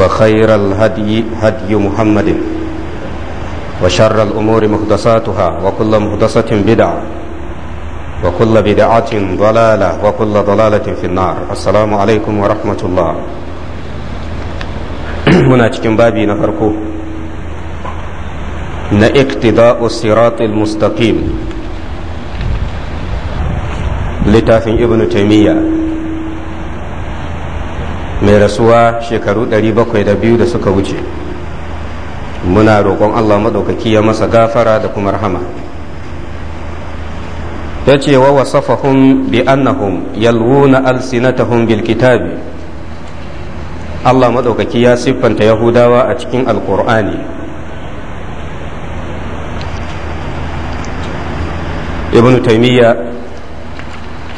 وخير الهدي هدي محمد وشر الأمور محدثاتها وكل محدثة بدعة وكل بدعة ضلالة وكل ضلالة في النار السلام عليكم ورحمة الله هنا تكن بابي نفركو نا اقتداء الصراط المستقيم mustaqim ابن تيمية mai rasuwa shekaru 702 da suka wuce muna roƙon Allah maɗaukaki ya masa gafara da kuma rahama ta ce wa wasafahum bi annahum yalwuna alsinatahum bil kitabi Allah maɗaukaki ya siffanta Yahudawa a cikin alkur'ani ibn taimiyya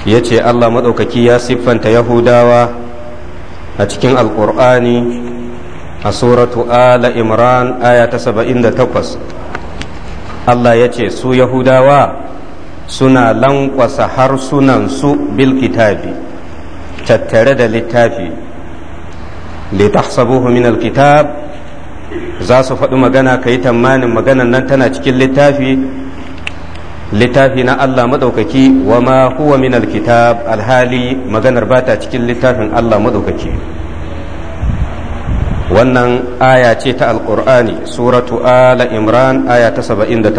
ya ce Allah maɗaukaki ya siffanta Yahudawa a cikin alkur'ani a suratu ala imran aya ta saba'in da takwas allah ya ce su yahudawa suna lankwasa harsunansu su bilkitabi tattare da littafi litahsabuhu min alkitab za su faɗi magana ka yi tamanin maganan nan tana cikin littafi littafi na Allah Maɗaukaki, wa ma huwa min alkitab alhali maganar bata cikin littafin Allah madaukaki wannan aya ce ta alqur'ani suratu ala imran aya ta 78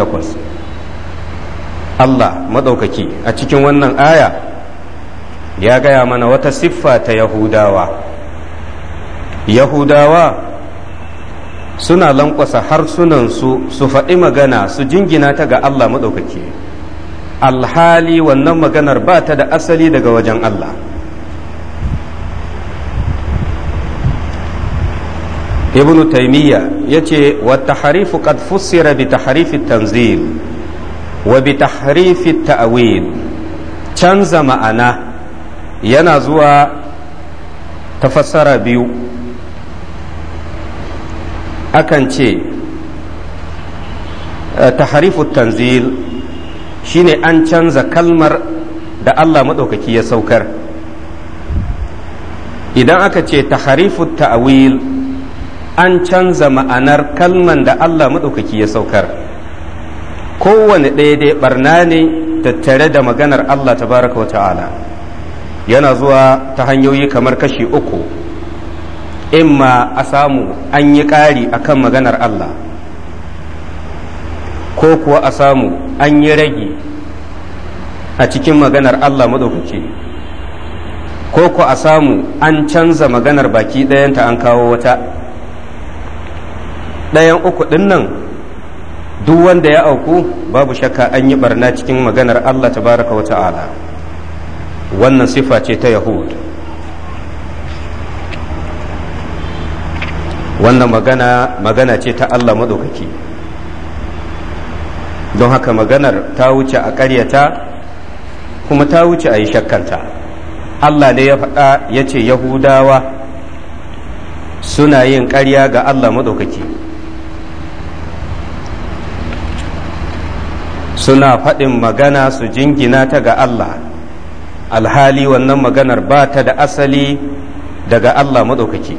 Allah madaukaki a cikin wannan aya ya gaya mana wata siffa ta yahudawa yahudawa suna lankwasa harsunansu su faɗi magana su jingina ta ga Allah maɗaukaki alhali wannan maganar ba ta da asali daga wajen Allah ibn Taymiya ya ce wa taharifu qad fusira bi taharifi tanzil wa bi taharifi ta'wil canza ma'ana yana zuwa tafassara biyu akan ce taharifu tanzil shine an canza kalmar da Allah maɗaukaki ya saukar idan aka ce taharifu ta'wil an canza ma'anar kalman da Allah maɗaukaki ya saukar kowane ɗaya dai ɓarna ne tattare da maganar Allah Ta baraka wa ta'ala yana zuwa ta hanyoyi kamar kashi uku imma a samu an yi ƙari akan maganar Allah ko kuwa a samu an yi rage a cikin maganar Allah maɗaukaki ko kuwa a samu an canza maganar baki ɗayanta an kawo wata ɗayan uku ɗin nan duk wanda ya auku babu shakka an yi barna cikin maganar Allah Ta baraka wata ala. wannan sifa ce ta yahud wannan magana magana ce ta Allah maɗaukaki don haka maganar ta wuce a ƙaryata kuma ta wuce a yi shakkanta Allah ne ya faɗa ya ce yahudawa suna yin ƙarya ga Allah maɗaukaki suna faɗin magana su jingina ta ga Allah alhali wannan maganar ba ta da asali daga Allah maɗaukaki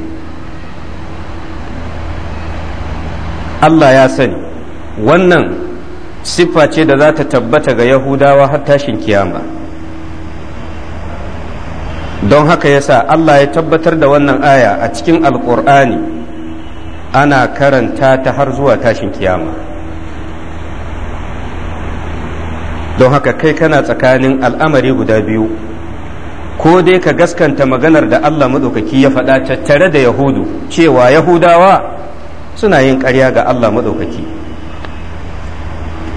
Allah ya sani wannan siffa ce da za ta tabbata ga yahudawa har tashin kiyama don haka yasa Allah ya tabbatar da wannan aya a cikin alkur'ani ana karanta ta har zuwa tashin kiyama don haka kai kana tsakanin al'amari guda biyu ko dai ka gaskanta maganar da Allah maɗaukaki ya faɗa tattare da yahudu cewa yahudawa suna yin ƙarya ga Allah maɗaukaki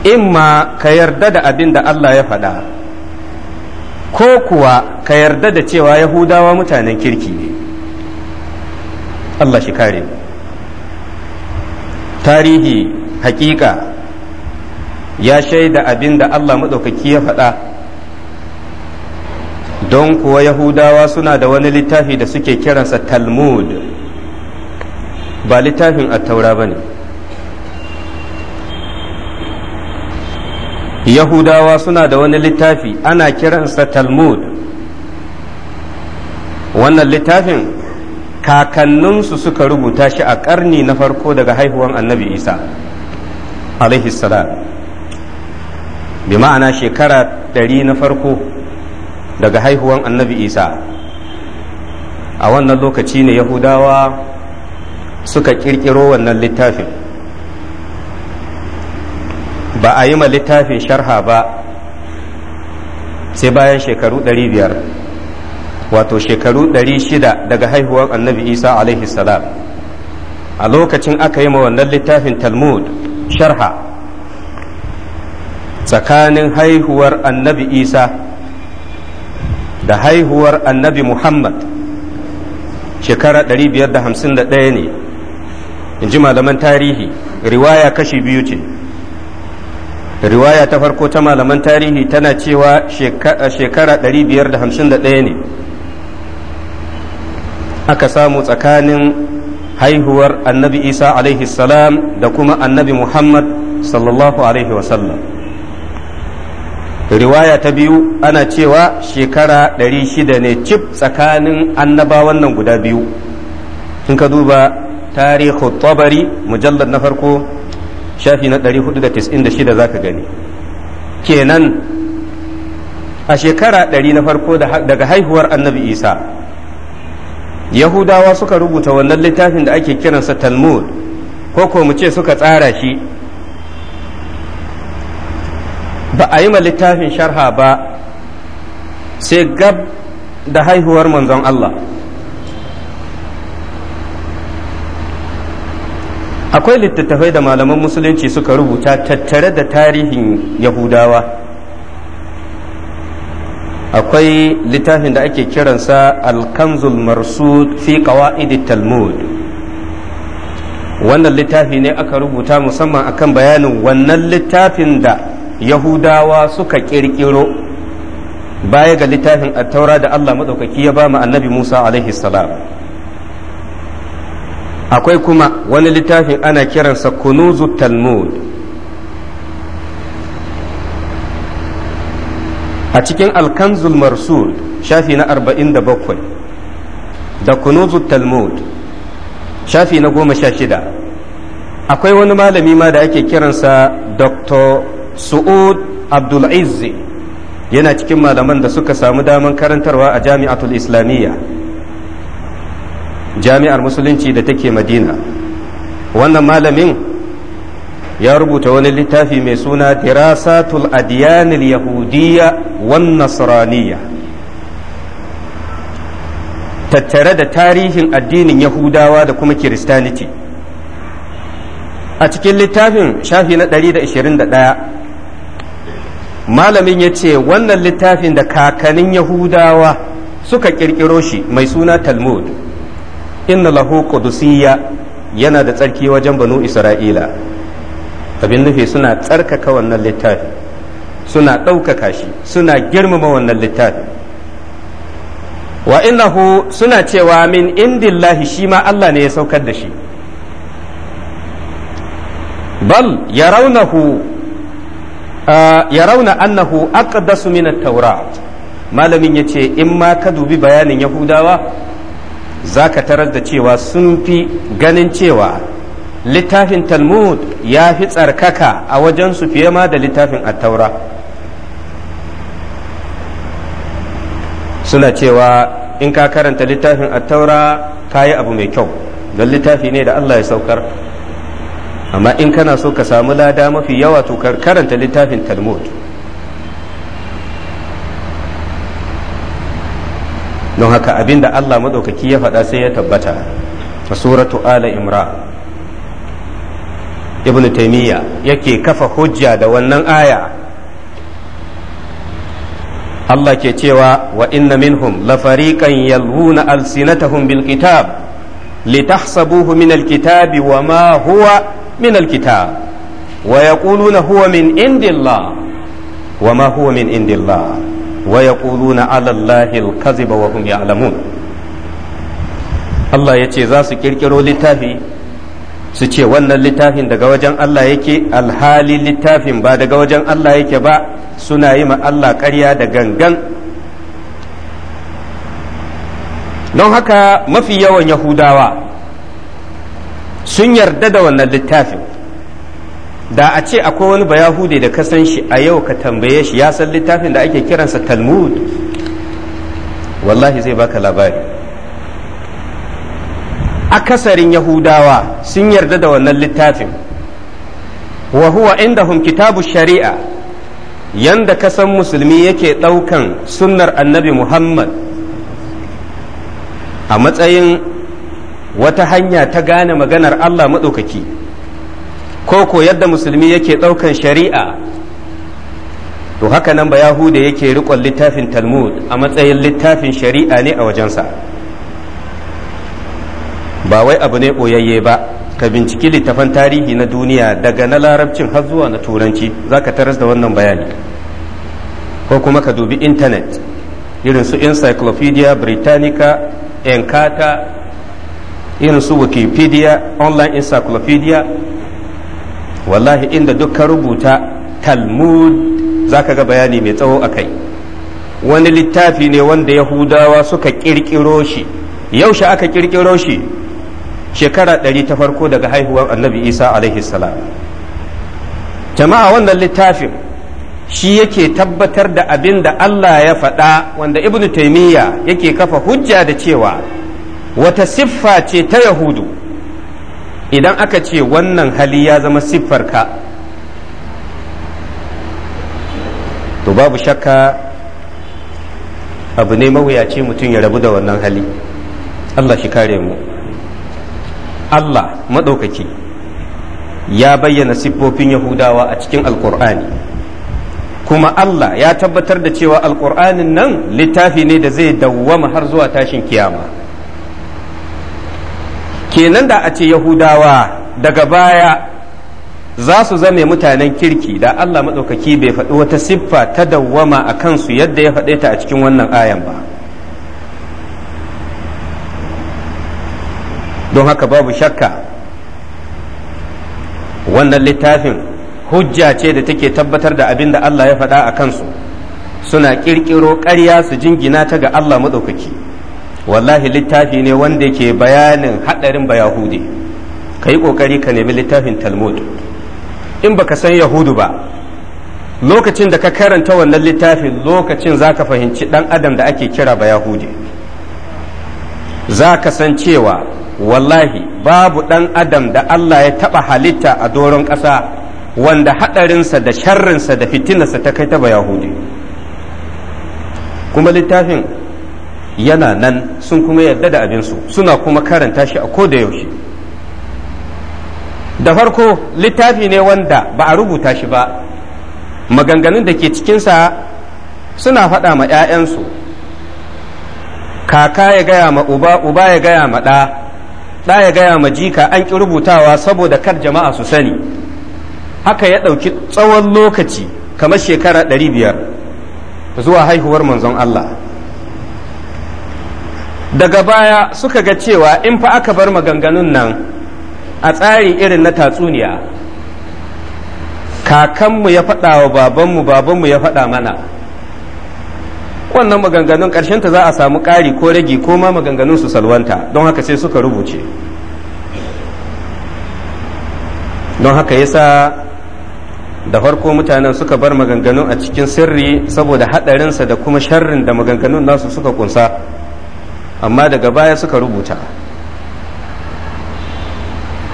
In ma ka yarda da abin da Allah ya faɗa ko kuwa ka yarda da cewa yahudawa mutanen kirki ne Allah shi kare tarihi hakika ya shaida abin da Allah maɗaukaki ya faɗa don kuwa yahudawa suna da wani littafi da suke kiransa talmud ba littafin attaura ba ne yahudawa suna da wani littafi ana kiransa talmud wannan littafin kakanninsu suka rubuta shi a ƙarni na farko daga haihuwan annabi isa alaihi salam bi ma'ana shekara ɗari na farko daga haihuwan annabi isa a wannan lokaci ne yahudawa suka ƙirƙiro wannan littafin ba a yi ma littafin sharha ba sai bayan shekaru 500 wato shekaru 600 daga haihuwar annabi isa alaihi salam a lokacin aka yi ma wannan littafin talmud sharha tsakanin haihuwar annabi isa da haihuwar annabi muhammad shekara 551 ne in ji malaman tarihi riwaya kashi biyu ce riwaya ta farko ta malaman tarihi tana cewa shekara 551 ne aka samu tsakanin haihuwar annabi isa alaihi salam da kuma annabi muhammad sallallahu alaihi wasallam riwaya ta biyu ana cewa shekara 600 ne cif tsakanin annabawan nan guda biyu in ka duba tarihu tabari mujallar na farko shafi na 496 za ka gani kenan a shekara ɗari na farko daga haihuwar annabi isa yahudawa suka rubuta wannan littafin da ake kiransa talmud ko ko mu ce suka tsara shi ba a yi ma littafin sharha ba sai gab da haihuwar manzon allah akwai littattafai da malaman musulunci suka rubuta tattare da tarihin yahudawa akwai littafin da ake kiransa alkanzul marsud fi qawaid talmud wannan littafi ne aka rubuta musamman akan bayanin wannan littafin da yahudawa suka kirkiro baya ga littafin attaura da allah maɗaukaki ya ba mu annabi musa alaihi salam akwai kuma wani littafin ana kiransa kunuzu talmud a cikin alkanzul marsul shafi na 47 da kunuzu talmud shafi na shida akwai wani malami ma da ake kiransa dr su'ud abdulizzi yana cikin malaman da suka samu damar karantarwa a jami'atul islamiyya jami'ar musulunci da take madina wannan malamin ya rubuta wani littafi mai suna dirasatul adiyanil yahudiyya wan nasraniyya tattare da tarihin addinin yahudawa da kuma kiristaniti a cikin littafin shafi na 121 malamin ya ce wannan littafin da kakannin yahudawa suka kirkiro shi mai suna talmud inna lahu qudusiyya yana da tsarki wajen banu isra'ila abin nufi suna tsarkaka wannan littafi suna ɗaukaka shi suna girmama wannan littafi wa innahu suna cewa min indillahi shi ma Allah ne ya saukar da shi bal yaraunahu yarauna annahu aqdasu min at-taurat malamin yace in ma ka dubi bayanin yahudawa za ka tarar da cewa sun fi ganin cewa littafin talmud ya fi tsarkaka a wajen su fiye ma da littafin attaura suna cewa in ka karanta littafin attaura ka yi abu mai kyau don littafi ne da allah ya saukar amma in kana so ka samu lada mafi yawa to karanta littafin talmud don haka abin da Allah maɗaukaki ya faɗa sai ya tabbata a suratu ala imra ibn taimiyya yake kafa hujja da wannan aya Allah ke cewa wa inna minhum la fariqan yalwuna alsinatahum bil kitab litahsabuhu min alkitabi wa ma huwa min alkitab wa yaquluna huwa min indillah wa ma huwa min indillah Waya yaquluna na allahi alkaziba wa hum ya'lamun Allah ya ce za su kirkiro littafi su ce wannan littafin daga wajen Allah yake alhali littafin ba daga wajen Allah yake ba suna yi ma Allah ƙarya da gangan don haka mafi yawan yahudawa sun yarda da wannan littafin da a ce akwai wani bayahude da ka san shi a yau ka tambaye shi ya san littafin da ake kiransa talmud wallahi zai baka labari akasarin yahudawa sun yarda da wannan littafin wa huwa indahum kitabu shari'a yanda kasan musulmi yake ɗaukan sunnar annabi muhammad a matsayin wata hanya ta gane maganar allah maɗaukaki ko ko yadda musulmi yake ɗaukan shari'a to haka nan ba yahuda yake riƙon littafin talmud a matsayin littafin shari'a ne a wajensa ba wai abu ne ɓoyayye ba ka binciki littafan tarihi na duniya daga na larabcin har zuwa na turanci za ka taras da wannan bayani ko kuma ka dubi intanet irin su encyclopedia britannica encata irin su wikipedia online encyclopedia wallahi inda duk ka rubuta talmud zaka ga bayani mai tsawo a kai wani littafi ne wanda yahudawa suka kirkiro shi yaushe aka kirkiro shi shekara ɗari ta farko daga haihuwar annabi isa alaihi salam jama'a wannan littafin shi yake tabbatar da abin da allah ya faɗa wanda ibnu taimiyya yake kafa hujja da cewa wata siffa ce ta yahudu idan aka ce wannan hali ya zama siffar ka to babu shakka abu ne mawuyaci mutum ya rabu da wannan hali Allah shi kare mu Allah maɗaukaki ya bayyana siffofin Yahudawa a cikin alkur'ani kuma Allah ya tabbatar da cewa alkur'anin nan littafi ne da zai dawwama har zuwa tashin kiyama. kenan da a ce yahudawa daga baya za su zame mutanen kirki da Allah maɗaukaki bai faɗi wata siffa ta dawwama a kansu yadda ya faɗe ta a cikin wannan ayan ba don haka babu shakka wannan littafin hujja ce da take tabbatar da abin da Allah ya faɗa a kansu suna ƙirƙiro ƙarya su jingina ta ga Allah maɗaukaki. wallahi littafi ne wanda ke bayanin haɗarin ba yahudi ka yi ƙoƙari ka nemi littafin talmud in baka san yahudu ba lokacin da ka karanta wannan littafin lokacin za ka fahimci ɗan adam da ake kira ba yahudi za ka san cewa wallahi babu ɗan adam da allah ya taɓa halitta a doron ƙasa wanda haɗarinsa da sharrinsa da fitinarsa ta kai ta ba yahudi kuma littafin yana nan sun kuma yarda da abinsu suna kuma karanta shi a ko da yaushe da farko littafi ne wanda ba a rubuta shi ba maganganun da ke cikinsa suna faɗa ma 'ya'yansu kaka ya gaya ma uba uba ya gaya ma ɗa ɗa ya gaya ma jika an ƙi rubutawa saboda kar jama'a su sani haka ya ɗauki tsawon lokaci kamar shekara 500 zuwa haihuwar manzon Allah daga baya suka ga cewa in fa aka bar maganganun nan a tsari irin na tatsuniya kakanmu ya faɗa wa babanmu babanmu ya faɗa mana wannan maganganun ta za a samu ƙari ko ragi ko ma maganganun su salwanta don haka sai suka rubuce don haka yasa da farko mutanen suka bar maganganun a cikin sirri saboda haɗarinsa da kuma sharrin da maganganun nasu suka ƙunsa. amma daga baya suka rubuta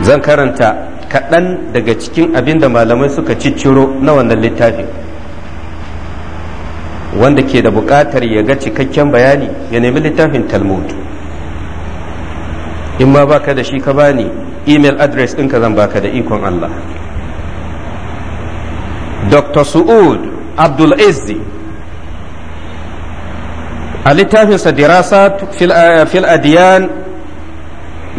zan karanta kaɗan daga cikin abin da malamai suka cicciro na wannan littafi wanda ke da buƙatar ya ga cikakken bayani ya nemi littafin talmud in ma baka da shi ka bani email address ɗinka zan baka da ikon allah dr su'ud abdul izzi a littafinsa dirasat fil adiyan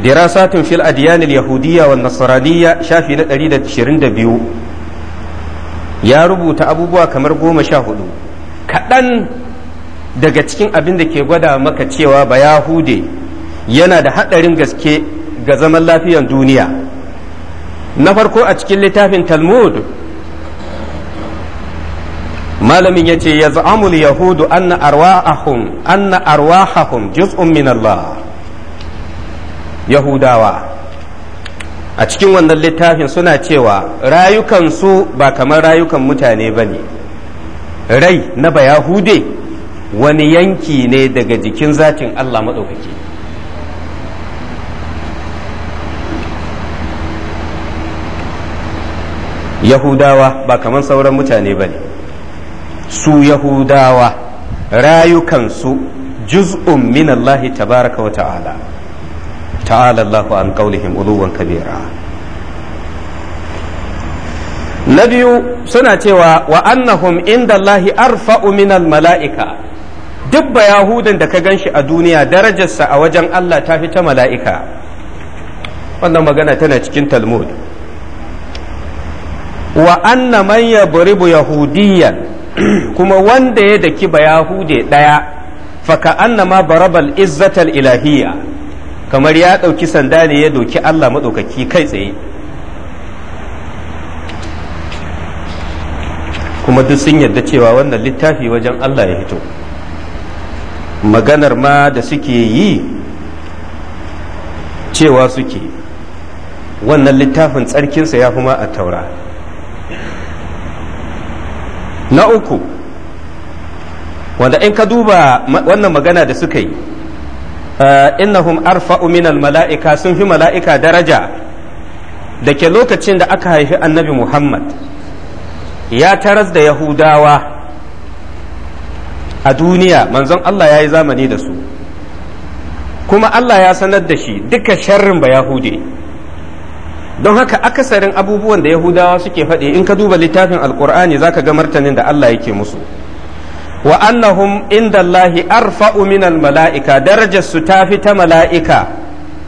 dirasatun fil adiyan yahudiyya wa nasraniyya shafi na 122 ya rubuta abubuwa kamar goma sha hudu kaɗan daga cikin abin da ke gwada maka cewa ba yahude yana da haɗarin gaske ga zaman lafiyan duniya na farko a cikin littafin talmud malamin ya ce ya za'amul yahudu anna arwahahum anna arwahahum juz'un min Allah yahudawa a cikin wannan littafin suna cewa rayukansu ba kamar rayukan mutane ba ne rai na bayahude wani yanki ne daga jikin zatin Allah maɗaukaki yahudawa ba kamar sauran mutane ba ne su yahudawa rayukansu juz'un min Allah tabaraka wa ta'ala ta'ala Allahu an qaulihim uluwan kabira na biyu suna cewa wa annahum inda Allahi arfa'u min al mala'ika duk ba yahudan da ka ganshi a duniya darajarsa a wajen Allah ta fi ta mala'ika wannan magana tana cikin talmud wa anna man yabribu yahudiyan kuma wanda ya daki hude ɗaya faka annama barabal izzatal ilahiyya kamar ya ɗauki sanda ne ya doki Allah maɗaukaki kai tsaye kuma duk sun yarda cewa wannan littafi wajen Allah ya hito maganar ma da suke yi cewa suke wannan littafin tsarkinsa ya fi ma a taura na uku wanda in ka duba wannan magana da suka yi eh, innahum arfa'u minal mala'ika sun fi mala'ika daraja da ke lokacin da aka haifi annabi muhammad ya taras da yahudawa a duniya manzon allah ya yi zamani da su kuma allah ya sanar da shi duka sharrin ba yahudi don haka akasarin abubuwan da yahudawa suke faɗi in ka duba littafin alkur'ani zaka ga martanin da Allah yake musu wa annahum inda Allahi arfa'u min mala'ika darajar su ta fi ta mala'ika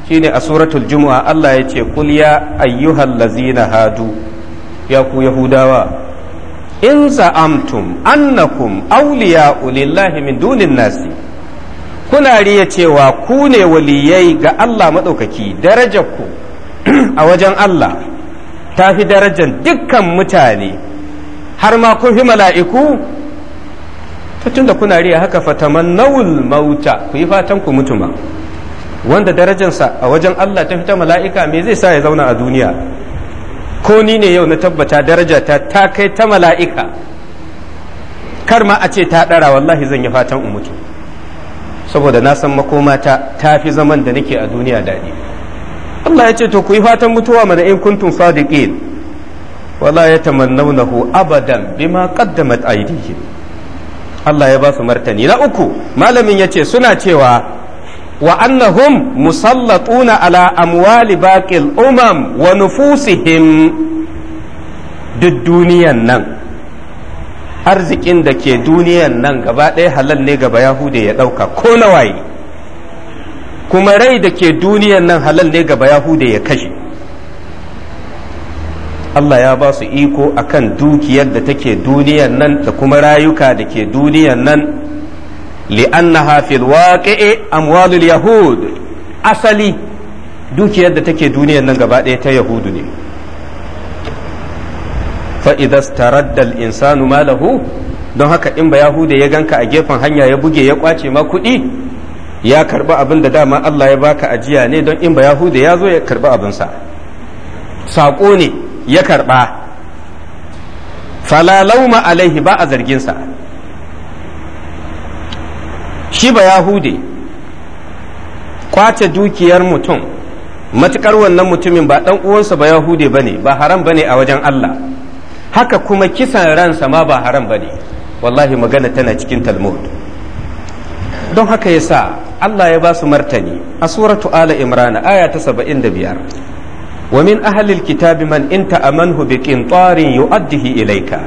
shine a suratul jumu'a Allah ya ce kul ya ayyuhal lazina hadu ya ku yahudawa in za'amtum annakum Auliya. ulillahi min dunin nasi kuna riya cewa ku ne waliyai ga Allah madaukaki? darajar ku a wajen Allah ta fi darajar dukkan mutane har ma kun fi mala'iku ta da kuna riya haka fataman nawul mauta ku yi fatan ku mutuma wanda darajarsa a wajen Allah ta fita mala'ika me zai sa ya zauna a duniya ko ni ne yau na tabbata darajata ta kai ta mala'ika kar ma a ce ta ɗara wallahi zan yi fatan in mutu saboda na san makomata ta fi zaman da nake a duniya daɗi Allah ya ce to ku yi fatan mutuwa mana in kuntum sadiqin wala yatamannawnahu abadan bima qaddamat aydihim Allah ya ba su martani na uku malamin ya ce suna cewa wa annahum musallatuna ala amwali baqil umam wa nufusihim duk duniyan nan arzikin da ke duniyan nan gaba ɗaya halal ne gaba yahude ya ɗauka ko nawaye kuma rai da ke duniyan nan halal ne gaba yahuda ya kashe Allah ya ba su iko akan dukiyar da take duniyan nan da kuma rayuka da ke duniyan nan li'annaha fil waqi'i amwalul yahud asali dukiyar da take duniyan nan gaba ɗaya ta yahudu ne fa idza insanu malahu don haka in ba yahuda ya ganka a gefen hanya ya buge ya kwace ma kuɗi ya karbi abin da dama Allah ya baka ajiya ne don in ba yahuda ya zo ya karbi abinsa saƙo ne ya karba falalauma alaihi ba a zarginsa shi ba yahude kwace dukiyar mutum matukar wannan mutumin ba ɗan uwansa ba yahude ba ne ba haram ba ne a wajen Allah haka kuma kisan ransa ma ba haram bane. wallahi magana tana cikin talmud don haka yasa Allah ya ba su martani a suratu ala imran aya ta 75 wa min ahli alkitabi man in ta'amanhu bi qintarin yu'addihi ilayka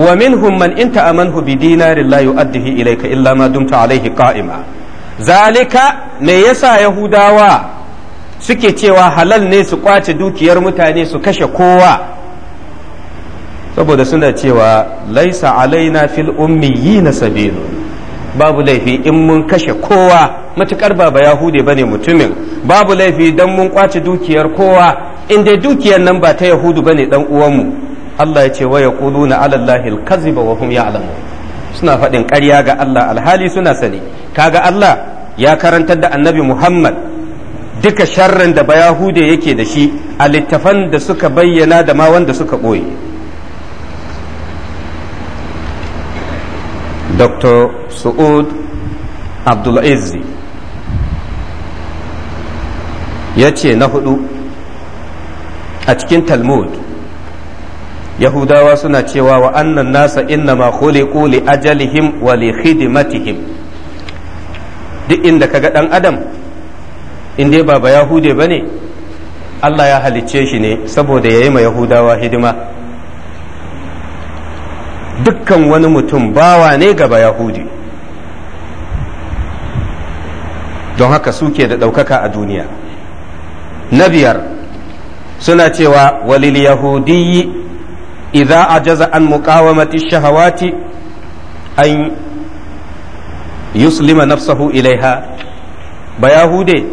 wa minhum man in ta'amanhu bi dinarin la yu'addihi ilayka illa ma dumta alayhi qa'ima zalika me yasa yahudawa suke cewa halal ne su kwace dukiyar mutane su kashe kowa saboda suna cewa laisa alaina fil ummiyina babu laifi in mun kashe kowa matukar baba yahude ne mutumin babu laifi don mun kwace dukiyar kowa in dai dukiyar nan ba ta yahudu bane dan uwanmu Allah ya ce waya wa na alallahi alkazi ba wa ya alamu suna faɗin ƙarya ga Allah alhali suna sani kaga Allah ya karantar da annabi Muhammad duka sharrin da yahude yake da shi a littafan da suka bayyana da ma wanda suka ɓoye dr su'ud abdulaziz ya ce na hudu a cikin talmud yahudawa suna cewa wa annan nasa ma khuliqu li ajalihim wa li khidmatihim duk inda kaga dan adam in dai ba ba yahude bane Allah ya halicce shi ne saboda yayi ma yahudawa hidima dukkan wani mutum bawa ne gaba yahudi don haka suke da ɗaukaka a duniya na biyar suna cewa walil yahudiyyi idza jaza an muqawamati shahawati an yuslima nafsahu ilaiha ba yahude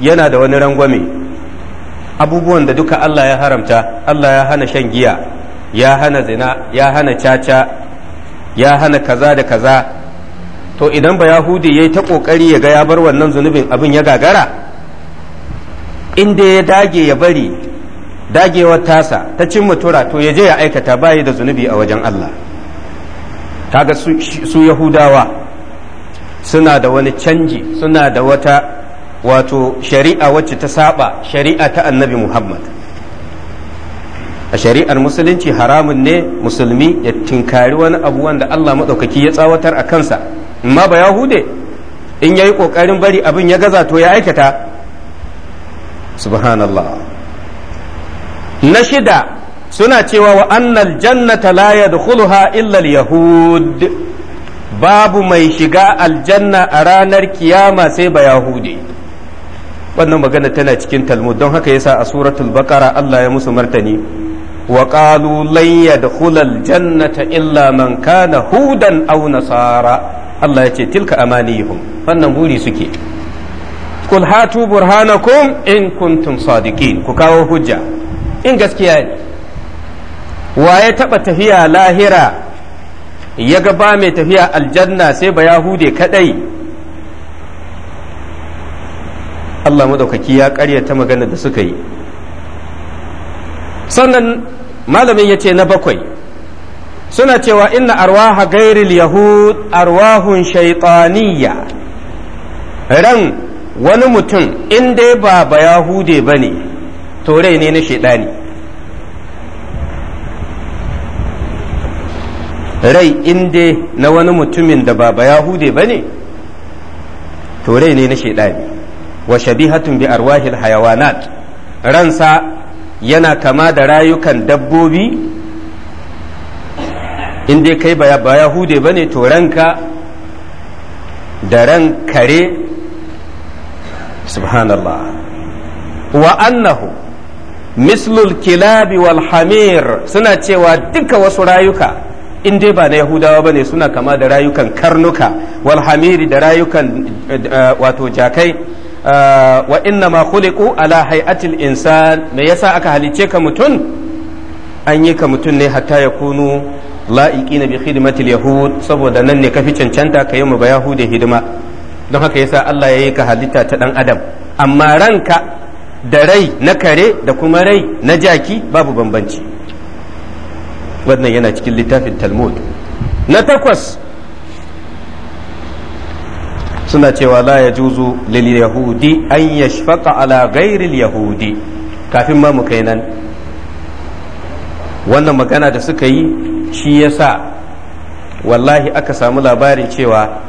yana da wani rangwame abubuwan da duka Allah ya haramta Allah ya hana shan giya ya hana zina ya hana caca ya hana kaza da kaza to idan ba yahudi ya yi ta ƙoƙari ya ga ya bar wannan zunubin abin ya gagara inda ya dage ya bari dagewar tasa ta cin mutura to ya je ya aikata bayi da zunubi a wajen Allah kaga su yahudawa suna da wani canji suna da wata wato shari'a wacce ta saba shari'a ta annabi muhammad a shari'ar musulunci haramun ne musulmi ya tinkari wani abu wanda Allah maɗaukaki ya tsawatar a kansa amma ba hude in ya yi ƙoƙarin bari abin ya gaza to ya aikata subhanallah na shida suna cewa wa annal jannata la yadkhuluha illa yahud babu mai shiga aljanna a ranar kiyama sai ba yahudi wannan magana tana cikin talmud don haka yasa a suratul baqara Allah ya musu martani وقالوا لن يدخل الجنة إلا من كان هودا أو نصارى الله يتي تلك أمانيهم فننبولي سكي قل هاتوا برهانكم إن كنتم صادقين كوكاو هجة إن قسكيان ويتبت هي لاهرة يقبام تهي الجنة سيب يهودي كدي الله مدوككي يا قرية تمغنى دسكي sannan malamin ya ce na bakwai suna cewa inna arwaha gairil yahud arwahun shaitaniyya ran wani mutum in dai ba ba yahude ba ne rai ne na shaidani rai in dai na wani mutumin da ba ba yahude ba ne rai ne na shaidani wa shabihatun bi arwahil hayawanat ransa yana kama da rayukan dabbobi in dai kai ba yahude ba ne to ranka da ran kare subhanallah wa annahu mislul kilabi wal hamir suna cewa duka wasu rayuka in dai ba na yahudawa ba ne suna kama da rayukan karnuka wal hamiri da rayukan eh, eh, wato jakai wa inna ma khuliqu ala hay'atil insan me yasa aka halice ka mutun an yi ka mutun ne hatta ya kunu la'iqina bi khidmatil yahud saboda nan ne kafi cancanta ka yi mu ba yahudi hidima don haka yasa Allah ya yi ka halitta ta dan adam amma ranka da rai na kare da kuma rai na jaki babu bambanci wannan yana cikin littafin talmud na takwas suna cewa la ya juzu lil yahudi an yashfaqa ala ghairil yahudi kafin ma mu kai nan wannan magana da suka yi shi yasa wallahi aka samu labarin cewa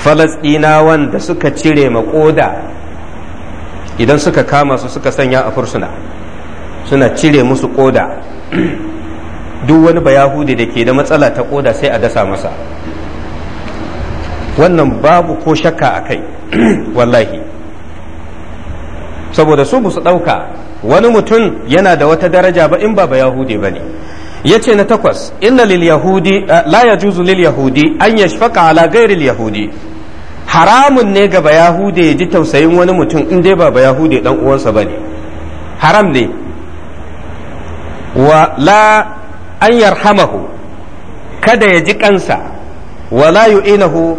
falasɗinawan da suka cire makoda idan suka kama su suka sanya a fursuna suna cire musu koda duk wani bayahudi da ke da matsala ta koda sai a dasa masa wannan babu ko shakka a kai wallahi saboda su su ɗauka wani mutum yana da wata daraja ba in ba yahudi ba ne ya ce na takwas inna lil yahudi eh, la juzu lil yahudi an yashfaqa ala ghairil yahudi haramun ne ga bayahude ya ji tausayin wani mutum in dai ba yahudi dan uwansa ba ne haram ne wa la an yarhamahu kada ya ji kansa wa la yu'inahu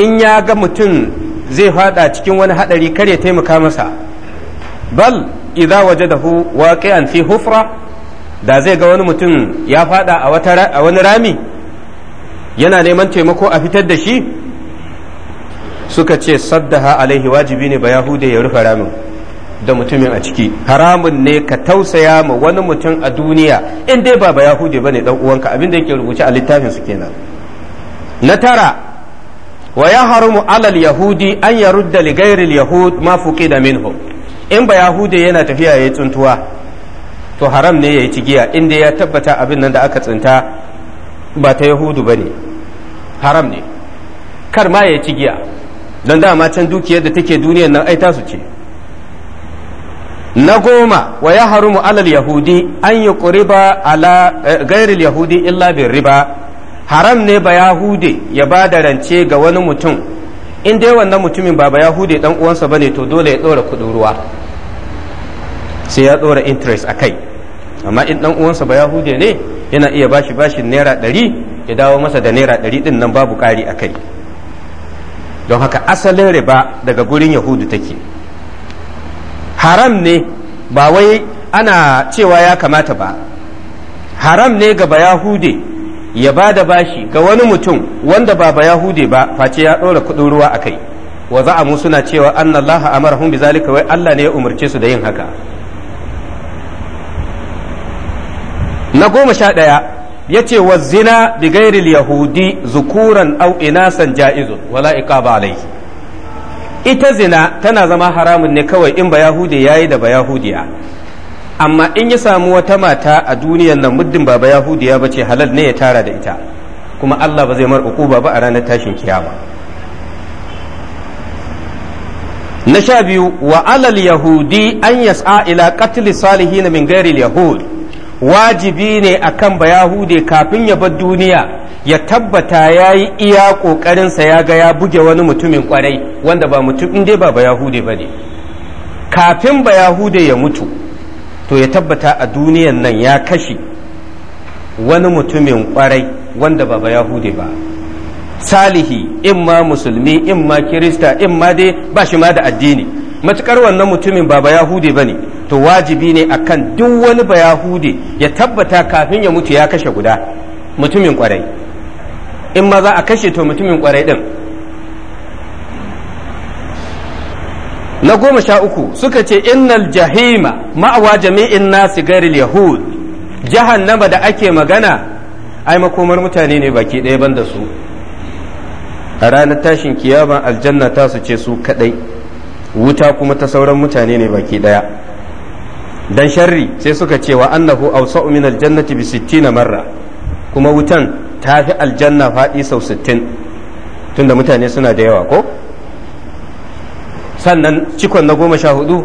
in ya ga mutum zai fada cikin wani hadari kar ya taimaka masa bal idza wajadahu waqi'an fi hufra da zai ga wani mutum ya fada a wani rami yana neman taimako a fitar da shi suka ce saddaha alaihi wajibi ne ba yahude ya rufe ramin da mutumin a ciki haramun ne ka tausaya ma wani mutum a duniya in dai ba ba yahude bane dan uwanka abin da yake rubuce a littafin su kenan na tara wa ya haramu alal yahudi an gairi li gairil yahud ma fuqida minhu in ba yahudi yana tafiya yayi tsuntuwa to haram ne yayi cigiya inda ya tabbata abin nan da aka tsinta ba ta yahudu bane haram ne kar ma yayi cigiya dan dama can dukiyar da take duniyar nan ai su ce na goma wa ya haramu alal yahudi an yi ala eh, gairil yahudi illa bin riba haram ne ba yahude ya ba da rance ga wani mutum in dai wannan mutumin ba ba yahude dan uwansa bane to dole ya dora kudin ruwa sai ya dora interest a kai amma in dan uwansa ba yahude ne yana iya bashi bashin naira ɗari ya dawo masa da naira ɗari din nan babu kari a kai don haka asalin riba daga gurin yahudu take haram ne ba wai ana cewa ya kamata ba haram ne ga bayahude ya ba da bashi ga wani mutum wanda ba ba yahude ba face ya ɗora kuɗin ruwa a kai wa za mu suna cewa annallaha amarahum bi zalika wai Allah ne ya umarce su da yin haka na goma sha ɗaya ya ce wa zina bi gairil yahudi zukuran au inasan ja'izun wala iqaba alaihi ita zina tana zama haramun ne kawai in ba yahude yayi da ba yahudiya amma in ya samu wata mata a duniyar nan muddin baba yahudiya ba ce halal ne ya tara da ita kuma Allah ba zai mar uquba ba a ranar tashin kiyama na sha biyu wa alal yahudi an yas'a ila qatl salihin min ghairi yahud wajibi ne akan ba yahudi kafin ya bar duniya ya tabbata ya yi iya ƙoƙarinsa ya ga ya buge wani mutumin kwarai wanda ba mutum dai ba ba yahude ba ne kafin ba yahudi ya mutu to ya tabbata a duniyan nan ya kashe wani mutumin kwarai wanda ba ba ba salihi in ma musulmi in ma kirista in ma dai ba shi ma da addini matukar wannan mutumin ba ba yahude ba ne to wajibi ne akan duk wani ba yahude ya tabbata kafin ya mutu ya kashe guda mutumin kwarai in ma za a kashe to mutumin kwarai din na goma sha uku suka ce innal jahima ma'awa jami'in nasi garil yahud jahannama da ake magana ai makomar mutane ne baki ɗaya ban da su a ranar tashin kiyama aljanna ta su ce su kaɗai wuta kuma ta sauran mutane ne baki ɗaya dan sharri sai suka ce wa annahu awsa'u min aljannati bi 60 marra kuma wutan ta fi aljanna faɗi sau sittin tunda mutane suna da yawa ko sannan cikon na goma sha hudu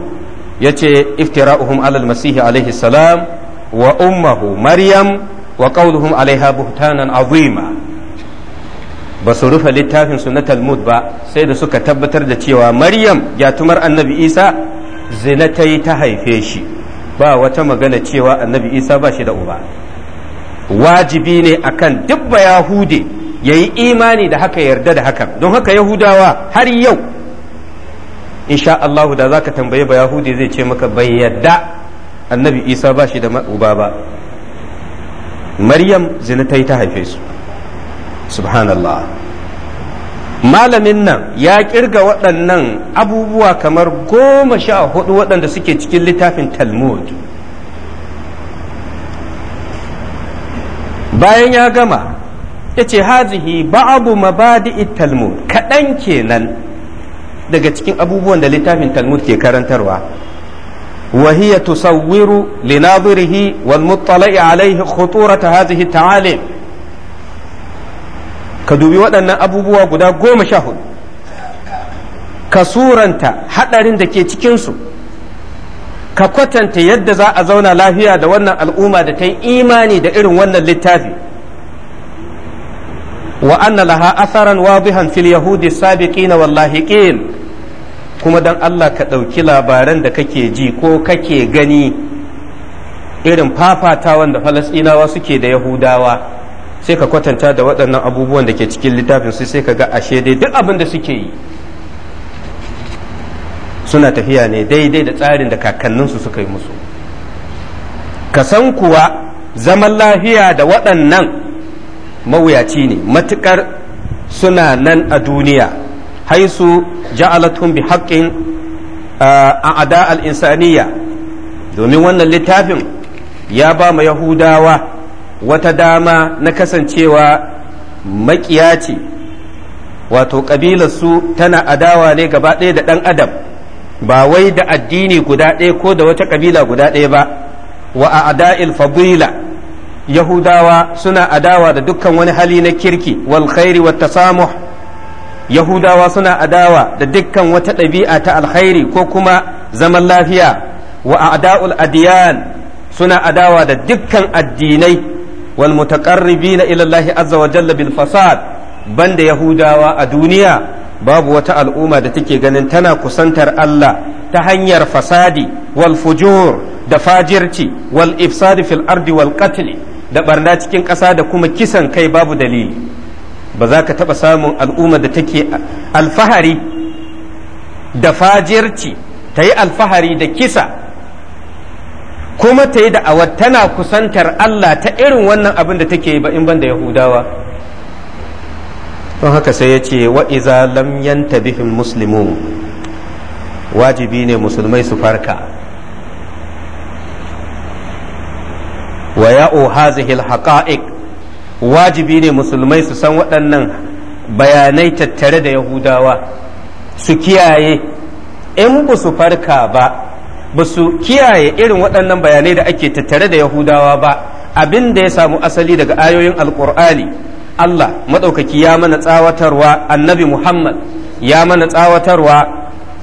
ya ce iftira'uhum alal masihi alaihi salam wa ummahu maryam wa qawluhum alaiha buhtanan azima ba su rufe littafin su na talmud ba sai da suka tabbatar da cewa maryam yatumar annabi isa zina ta yi ta haife shi ba wata magana cewa annabi isa ba shi da uba wajibi ne akan duk yahude ya yi imani da haka yarda da haka don haka yahudawa har yau insha allahu da zaka tambaye ba yahudi zai ce maka bai yadda annabi isa ba shi da uba ba maryam zina ta yi ta haife su subhanallah malamin nan ya kirga waɗannan abubuwa kamar goma sha hudu waɗanda suke cikin littafin talmud bayan ya gama ya ce hazihi ba'abu mabadi'it talmud kaɗan kenan daga cikin abubuwan da littafin talmud ke karantarwa wahiya tusawwiru li nadhirihi wal muttali alayhi khuturata hadhihi ta'alim ka dubi waɗannan abubuwa guda goma sha hudu ka suranta hadarin da ke cikinsu ka kwatanta yadda za a zauna lafiya da wannan al'umma da ta yi imani da irin wannan littafi wa anna laha asaran wadihan fil yahudi sabiqin wallahi qil kuma dan Allah ka ɗauki labaran da kake ji ko kake gani irin fafatawan da falasɗinawa suke da yahudawa sai ka kwatanta da waɗannan abubuwan da ke cikin littafin su sai ka ga ashe dai duk abin da suke yi suna tafiya ne daidai da tsarin da kakanninsu suka yi musu ka san kuwa zaman lafiya da waɗannan mawuyaci ne matukar suna nan a duniya haisu ja'alatun bi haƙƙin a ada al'insaniya domin wannan littafin ya ba ma yahudawa wata dama na kasancewa makiya ce wato su tana adawa ne gaba ɗaya da ɗan adam ba wai da addini guda ɗaya ko da wata ƙabila guda ɗaya ba wa a a'da'il fadila yahudawa suna adawa da dukkan wani hali na kirki wal khairi wat tasamuh yahudawa suna adawa da dukkan wata ɗabi'a ta alkhairi ko kuma zaman lafiya wa a'da'ul adiyan suna adawa da dukkan addinai wal mutaqarribina ila Allah azza wa jalla bil fasad banda yahudawa a duniya babu wata al'umma da take ganin tana kusantar Allah ta hanyar fasadi wal fujur da fajirci wal ifsadi fil ardi wal qatl da barna cikin ƙasa da kuma kisan kai babu dalili ba za ka taɓa samun al'umma da take alfahari da fajirci ta yi alfahari da kisa kuma ta yi da'awar tana kusantar Allah ta irin wannan abin da take yi ba in ban da yahudawa don haka sai ya ce wa iza lam yanta bihin muslimun wajibi ne musulmai su farka wa ya'u hazihil haqa'iq wajibi ne musulmai su san waɗannan bayanai tattare da yahudawa su kiyaye in ba su farka ba ba su kiyaye irin waɗannan bayanai da ake tattare da yahudawa ba abin da ya samu asali daga ayoyin alkur'ani allah maɗaukaki ya mana tsawatarwa annabi muhammad ya mana tsawatarwa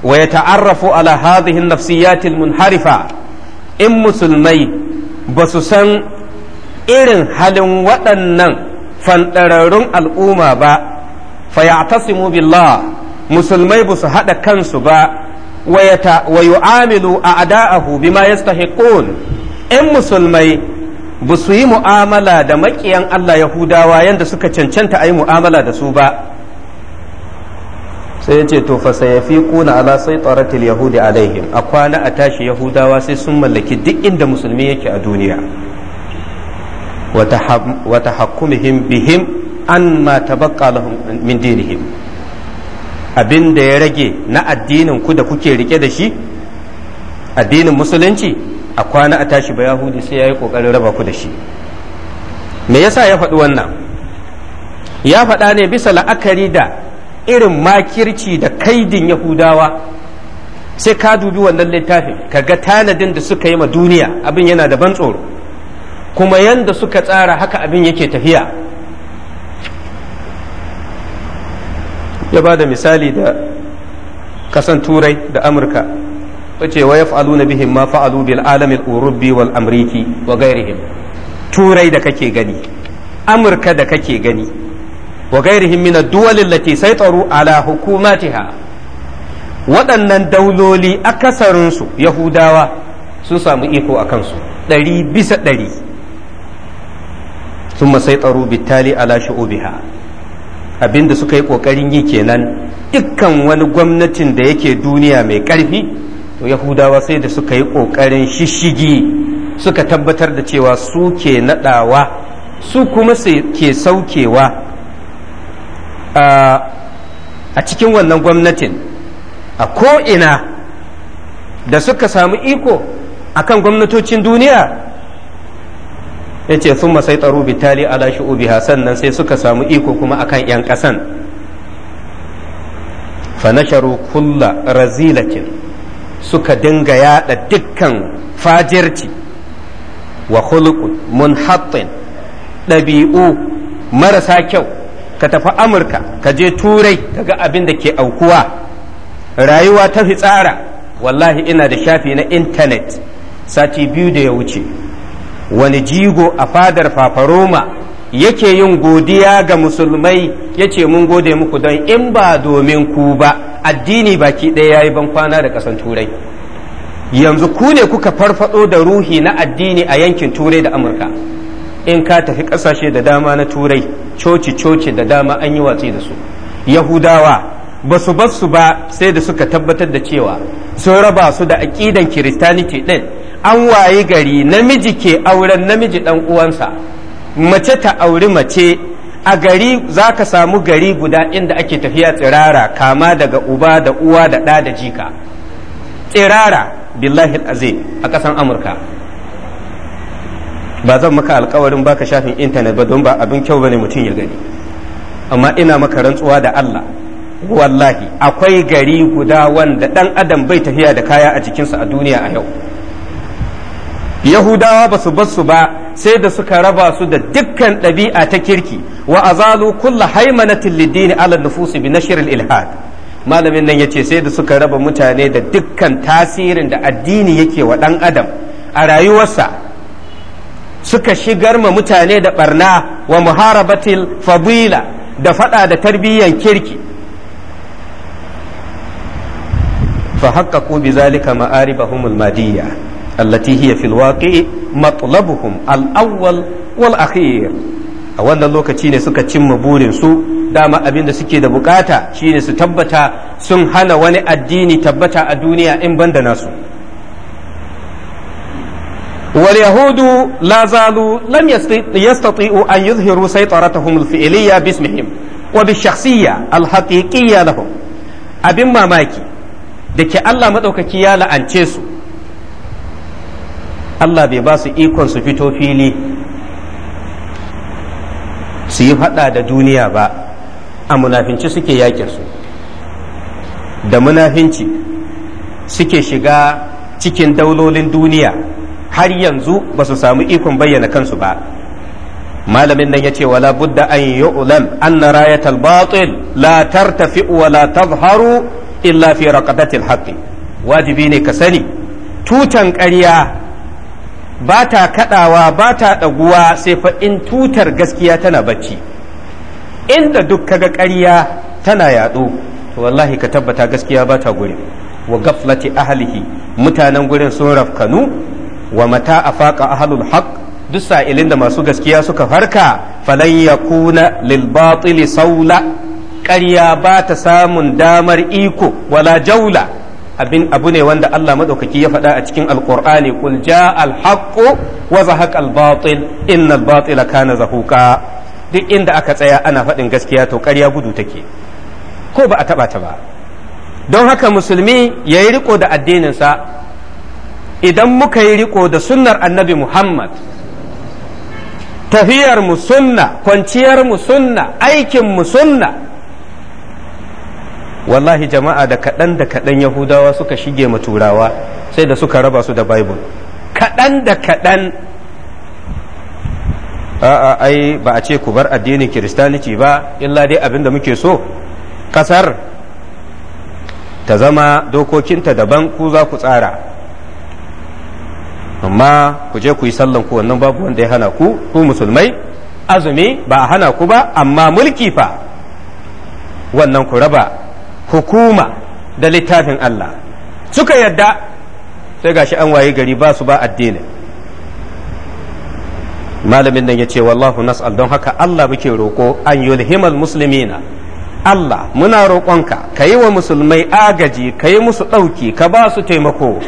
wa ya ta'arrafu ala hadhihi nafsiyatil munharifa in musulmai ba su san irin halin waɗannan fanɗararrun al'umma ba fayatasimu billah musulmai ba su haɗa kansu ba wa yu'amilu a ada'ahu bima yastahiqun in musulmai ba su yi mu'amala da maƙiyan Allah Yahudawa yadda suka cancanta a yi mu'amala da su ba sai ya ce to fa fi kuna ala sai yahudi alaihim a kwana a tashi yahudawa sai sun mallaki duk inda musulmi yake a duniya wa tahakkumihim bihim an ma tabaqqa lahum min dinihim abin da ya rage na addinin ku da kuke rike da shi addinin musulunci a kwana a tashi ba yahudi sai ya yi kokarin raba ku da shi me yasa ya faɗi wannan ya faɗa ne bisa la'akari da irin makirci da kaidin yahudawa sai ka dubi wannan littafin ka ga tanadin da suka yi ma duniya abin yana da ban tsoro kuma yanda suka tsara haka abin yake tafiya ya ba da misali da kasan turai da amurka wace wa ya fa'alu na bihin ma fa'alu bil alamin urubi wal amriki wa gairihim turai da kake gani amurka da kake gani wa gairihim min ad-duwal allati ala hukumatiha waɗannan dauloli akasarinsu yahudawa sun samu iko a kansu ɗari bisa ɗari sun tsaro bitali ala shu'ubiha abinda suka yi ƙoƙarin yi kenan dukkan wani gwamnatin da yake duniya mai ƙarfi to yahudawa sai da suka yi ƙoƙarin shishigi suka tabbatar da cewa su ke naɗawa su kuma ke saukewa a cikin wannan gwamnatin a ko'ina da suka samu iko a kan gwamnatocin duniya ya ce sun masai tsaro bitali ala shu'ubiha sannan sai suka samu iko kuma a kan 'yan ƙasan fanasharu kulla razilakin suka dinga yada dukkan fajirci wa mun munhattin ɗabi'u marasa kyau ka tafi amurka ka je turai ka ga abin da ke aukuwa rayuwa ta fitsara wallahi ina da shafi na intanet sati biyu da ya wuce wani jigo a fadar fafaroma yake yin godiya ga musulmai ya ce mun gode muku don in ba domin ku ba addini baki ɗaya ya yi ban kwana da ƙasan turai yanzu ku ne kuka farfado da ruhi na addini a yankin turai da amurka in ka tafi ƙasashe da dama na turai coci-coci da dama an yi watsi da su yahudawa ba su ba su ba sai da suka tabbatar da cewa sun raba su da aƙidan kiristaniti ɗin an wayi gari namiji ke auren namiji ɗan uwansa mace ta auri mace a gari za ka samu gari guda inda ake tafiya tsirara kama daga uba da uwa da ɗa da jika tsirara billahi azim a ƙasan amurka ba zan maka alkawarin baka shafin intanet ba don ba abin kyau bane mutum ya gani amma ina maka rantsuwa da Allah wallahi akwai gari guda wanda dan adam bai tafiya da kaya a jikinsa a duniya a yau yahudawa ba su basu ba sai da suka raba su da dukkan ɗabi'a ta kirki wa azalu kulla haimanatin lidini ala nufusi bi nashr ilhad malamin nan ya ce sai da suka raba mutane da dukkan tasirin da addini yake wa dan adam a rayuwarsa suka shigar ma mutane da barna wa muharabatil fadila da fada da tarbiyyar kirki fa haqqaqu bi zalika ma'aribahum al-madiyya allati hiya fil waqi'i matlabuhum al-awwal wal akhir a wannan lokaci ne suka cimma burinsu dama abin da suke da bukata shine su tabbata sun hana wani addini tabbata a duniya in banda nasu wal yahudu la zalu lam yastati'u an yuzhiru saytaratahum al fi'liyya bismihim wa bi shakhsiyya al haqiqiyya lahum abin mamaki da ke Allah madaukaki ya la'ance su Allah bai basu ikon su fito fili su yi fada da duniya ba a munafinci suke yakin da munafinci suke shiga cikin daulolin duniya har yanzu ba su samu ikon bayyana kansu ba malamin nan ya ce wala budda an yu'lam anna rayatal batil la tartafi wa la tazharu illa fi raqadatil wajibi ne ka sani tutan ƙarya ba ta kaɗawa ba ta ɗaguwa sai fa in tutar gaskiya tana bacci inda duk kaga ƙarya tana yaɗo to wallahi ka tabbata gaskiya ba ta gurin wa gaflati ahlihi mutanen gurin sun rafkanu wa mata a faƙa ahlul haqq duk sa'ilin da masu gaskiya suka farka falan ya kuna batili saula ƙarya ba ta samun damar iko wala jaula abin abu ne wanda Allah maɗaukaki ya faɗa a cikin alƙur'ani qul jaa al haqqu wa zahaqa al inna al kana zahuqa duk inda aka tsaya ana faɗin gaskiya to ƙarya gudu take ko ba a taɓa ta ba don haka musulmi ya yi riko da addininsa idan muka yi riko da sunnar annabi Muhammad tafiyar mu sunna kwanciyar mu sunna aikin mu sunna wallahi jama'a da kaɗan da kaɗan yahudawa suka shige ma turawa sai da suka raba su da bible kaɗan da kaɗan a'a ai ba a ce ku bar addinin kiristaniti ba illa dai abin da muke so kasar ta zama dokokinta daban ku za ku tsara amma ku je ku yi sallan ku wannan babu wanda ya hana ku ku musulmai azumi ba a hana ku ba amma mulki fa wannan ku raba hukuma da littafin Allah suka yadda sai gashi an waye gari ba su ba addini malamin nan ya ce wallahu nas'al don haka Allah muke roko an yulhimal muslimina Allah muna roƙonka ka yi wa musulmai agaji ka yi musu ɗauki ka ba su taimako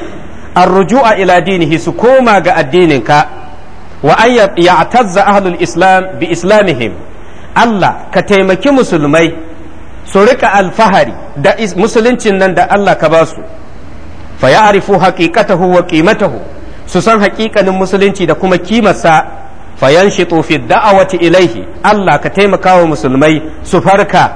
arruju'a ila dinihi su koma ga addininka wa an ya'tazza ahlul islam bi islamihim Allah ka taimaki musulmai su rika alfahari da musuluncin nan da Allah ka ba su fa ya'rifu haqiqatahu wa qimatahu su san haƙiƙanin musulunci da kuma kimarsa fayanshitu fi da'awati ilaihi Allah ka taimakawa musulmai su farka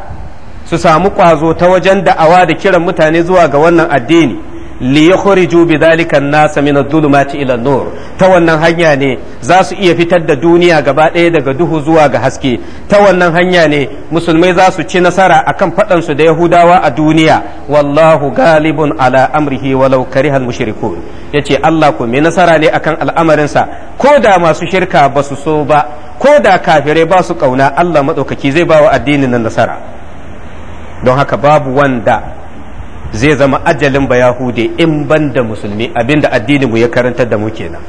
su samu ƙwazo ta wajen da'awa da kiran mutane zuwa ga wannan addini li bi bidhalika an-nas min adh-dhulumati ila an-nur ta wannan hanya ne za su iya fitar da duniya gaba ɗaya daga duhu zuwa ga haske ta wannan hanya ne musulmai za su ci nasara akan faɗan su da yahudawa a duniya wallahu galibun ala amrihi walau karihal mushrikun yace Allah ko me nasara ne akan al'amarinsa ko da masu shirka ba su so ba ko da kafirai ba su kauna Allah madaukaki zai ba wa addinin nasara don haka babu wanda zai zama ajalin ba yahude in ban da musulmi abinda addininmu ya karantar da mu kenan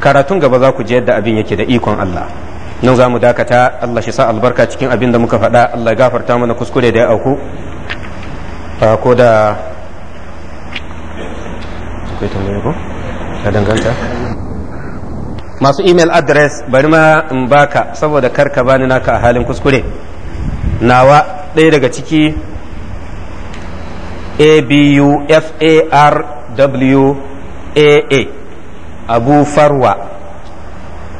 karatun gaba za ku ji yadda abin yake da ikon Allah nan za mu dakata Allah shi sa albarka cikin abin da muka faɗa Allah gafarta mana kuskure da ya auku ko da masu email address bari ma in baka saboda karka bani naka a halin kuskure nawa ɗaya daga ciki abu farwa abu farwa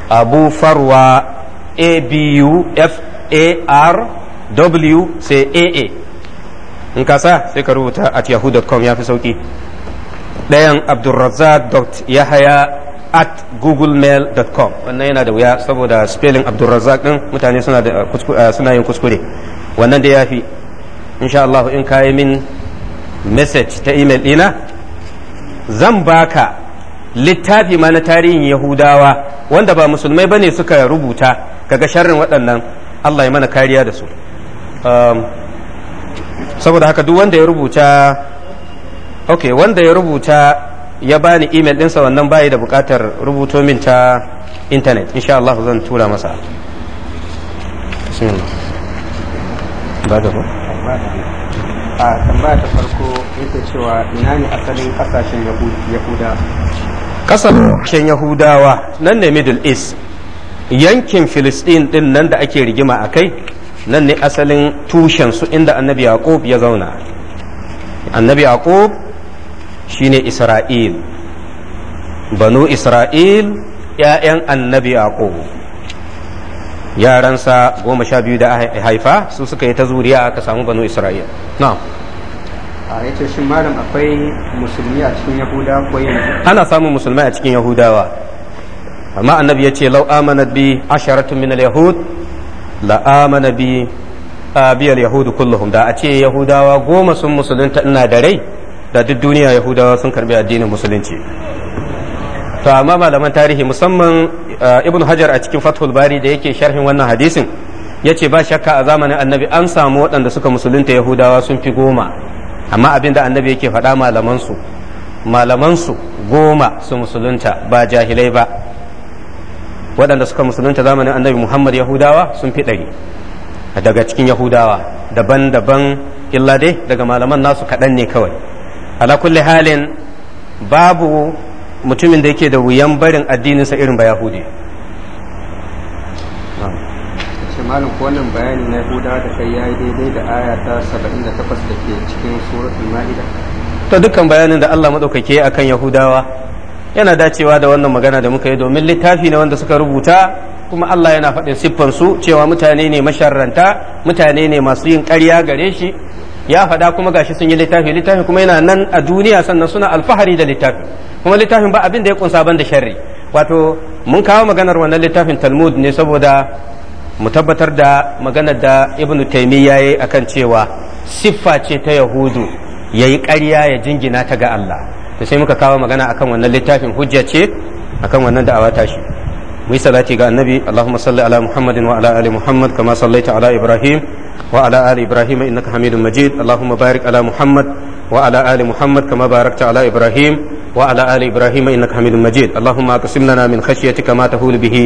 abu farwa abu farw sai a in ka sa sai ka rubuta at yahoo.com ya fi sauki ɗayan abdulrazak.yahaya at googlemail.com wannan yana da wuya saboda spelling abdulrazak din mutane uh, uh, suna yin kuskure wannan da ya fi insha Allah in kayi min message ta email ɗina zan baka littafi ma na tarihin yahudawa wanda ba musulmai bane suka rubuta kaga sharrin waɗannan allah ya mana kariya da su um, saboda haka duk wanda ya rubuta ok wanda ya rubuta ya bani email ɗinsa wannan bayi da buƙatar rubuto min ta intanet insha Allah zan tura masa bismillah ba da ba a tambaya ta farko yake cewa ina ne asalin kasashen yahuda kasashen yahudawa nan ne middle east yankin filistin din nan da ake rigima a kai nan ne asalin tushen su inda annabi yaqub ya zauna annabi yaqub shine isra'il banu isra'il 'ya'yan annabi yaqub yaransa goma sha biyu da haifa su suka yi ta zuriya aka samu banu isra'il na'am a ce shi malam akwai musulmi a cikin yahuda ko yanzu ana samun musulmai a cikin yahudawa amma annabi ya ce lau amana bi asharatu min al-yahud la amana bi abiyal yahud kulluhum da a ce yahudawa goma sun musulunta ina da rai da duk duniya yahudawa sun karbi addinin musulunci to amma malaman tarihi musamman eh, ibn hajar a cikin fathul bari da yake sharhin wannan hadisin ya ce ba shakka a zamanin annabi an samu waɗanda suka musulunta yahudawa sun fi goma amma abin da annabi yake faɗa malamansu malamansu goma su musulunta ba jahilai ba waɗanda suka musulunta zamanin annabi muhammad yahudawa sun fi ɗari daga cikin yahudawa daban-daban illa dai daga malaman nasu kaɗan ne kawai ala kulli halin babu mutumin da yake da wuyan barin addininsa irin ba yahudi malam ko wannan bayani na huda da kai yayi daidai da aya ta 78 da ke cikin suratul ma'ida to dukkan bayanin da Allah madaukake akan yahudawa yana dacewa da wannan magana da muka yi domin littafi ne wanda suka rubuta kuma Allah yana faɗin siffansu cewa mutane ne masharranta mutane ne masu yin ƙarya gare shi ya faɗa kuma gashi sun yi littafi littafin kuma yana nan a duniya sannan suna alfahari da littafi kuma littafin ba abin da ya kunsa ban da sharri wato mun kawo maganar wannan littafin talmud ne saboda mu tabbatar da maganar da ibnu ya yayi akan cewa siffa ce ta yahudu yayi ƙarya ya jingina ta ga Allah to sai muka kawo magana akan wannan littafin hujja ce akan wannan da'awa tashi mu yi salati ga annabi Allahumma salli ala Muhammadin wa ala ali Muhammad kama sallaita ala Ibrahim wa ala ali Ibrahim innaka Hamidum Majid Allahumma barik ala Muhammad wa ala ali Muhammad kama barakta ala Ibrahim وعلى آل إبراهيم إنك حميد مجيد اللهم أقسم لنا من خشيتك baina تهول به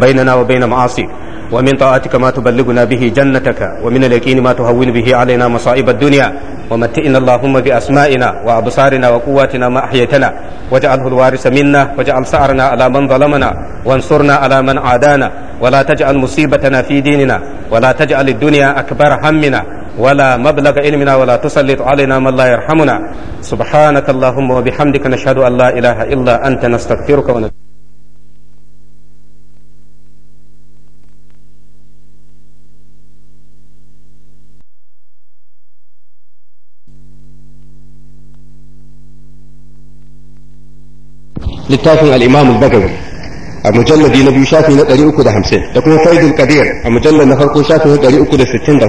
بيننا وبين معاصيك ومن طاعتك ما تبلغنا به جنتك ومن اليقين ما تهون به علينا مصائب الدنيا ومتئنا اللهم بأسمائنا وأبصارنا وقواتنا ما أحييتنا واجعله الوارث منا واجعل سعرنا على من ظلمنا وانصرنا على من عادانا ولا تجعل مصيبتنا في ديننا ولا تجعل الدنيا أكبر همنا ولا مبلغ علمنا ولا تسلط علينا من لا يرحمنا سبحانك اللهم وبحمدك نشهد أن لا إله إلا أنت نستغفرك ونتوب littafin al’imamu imam bagawi a mujallabi na biyu shafi na 350 da kuma faidul qadir a mujallar na farko shafi na 367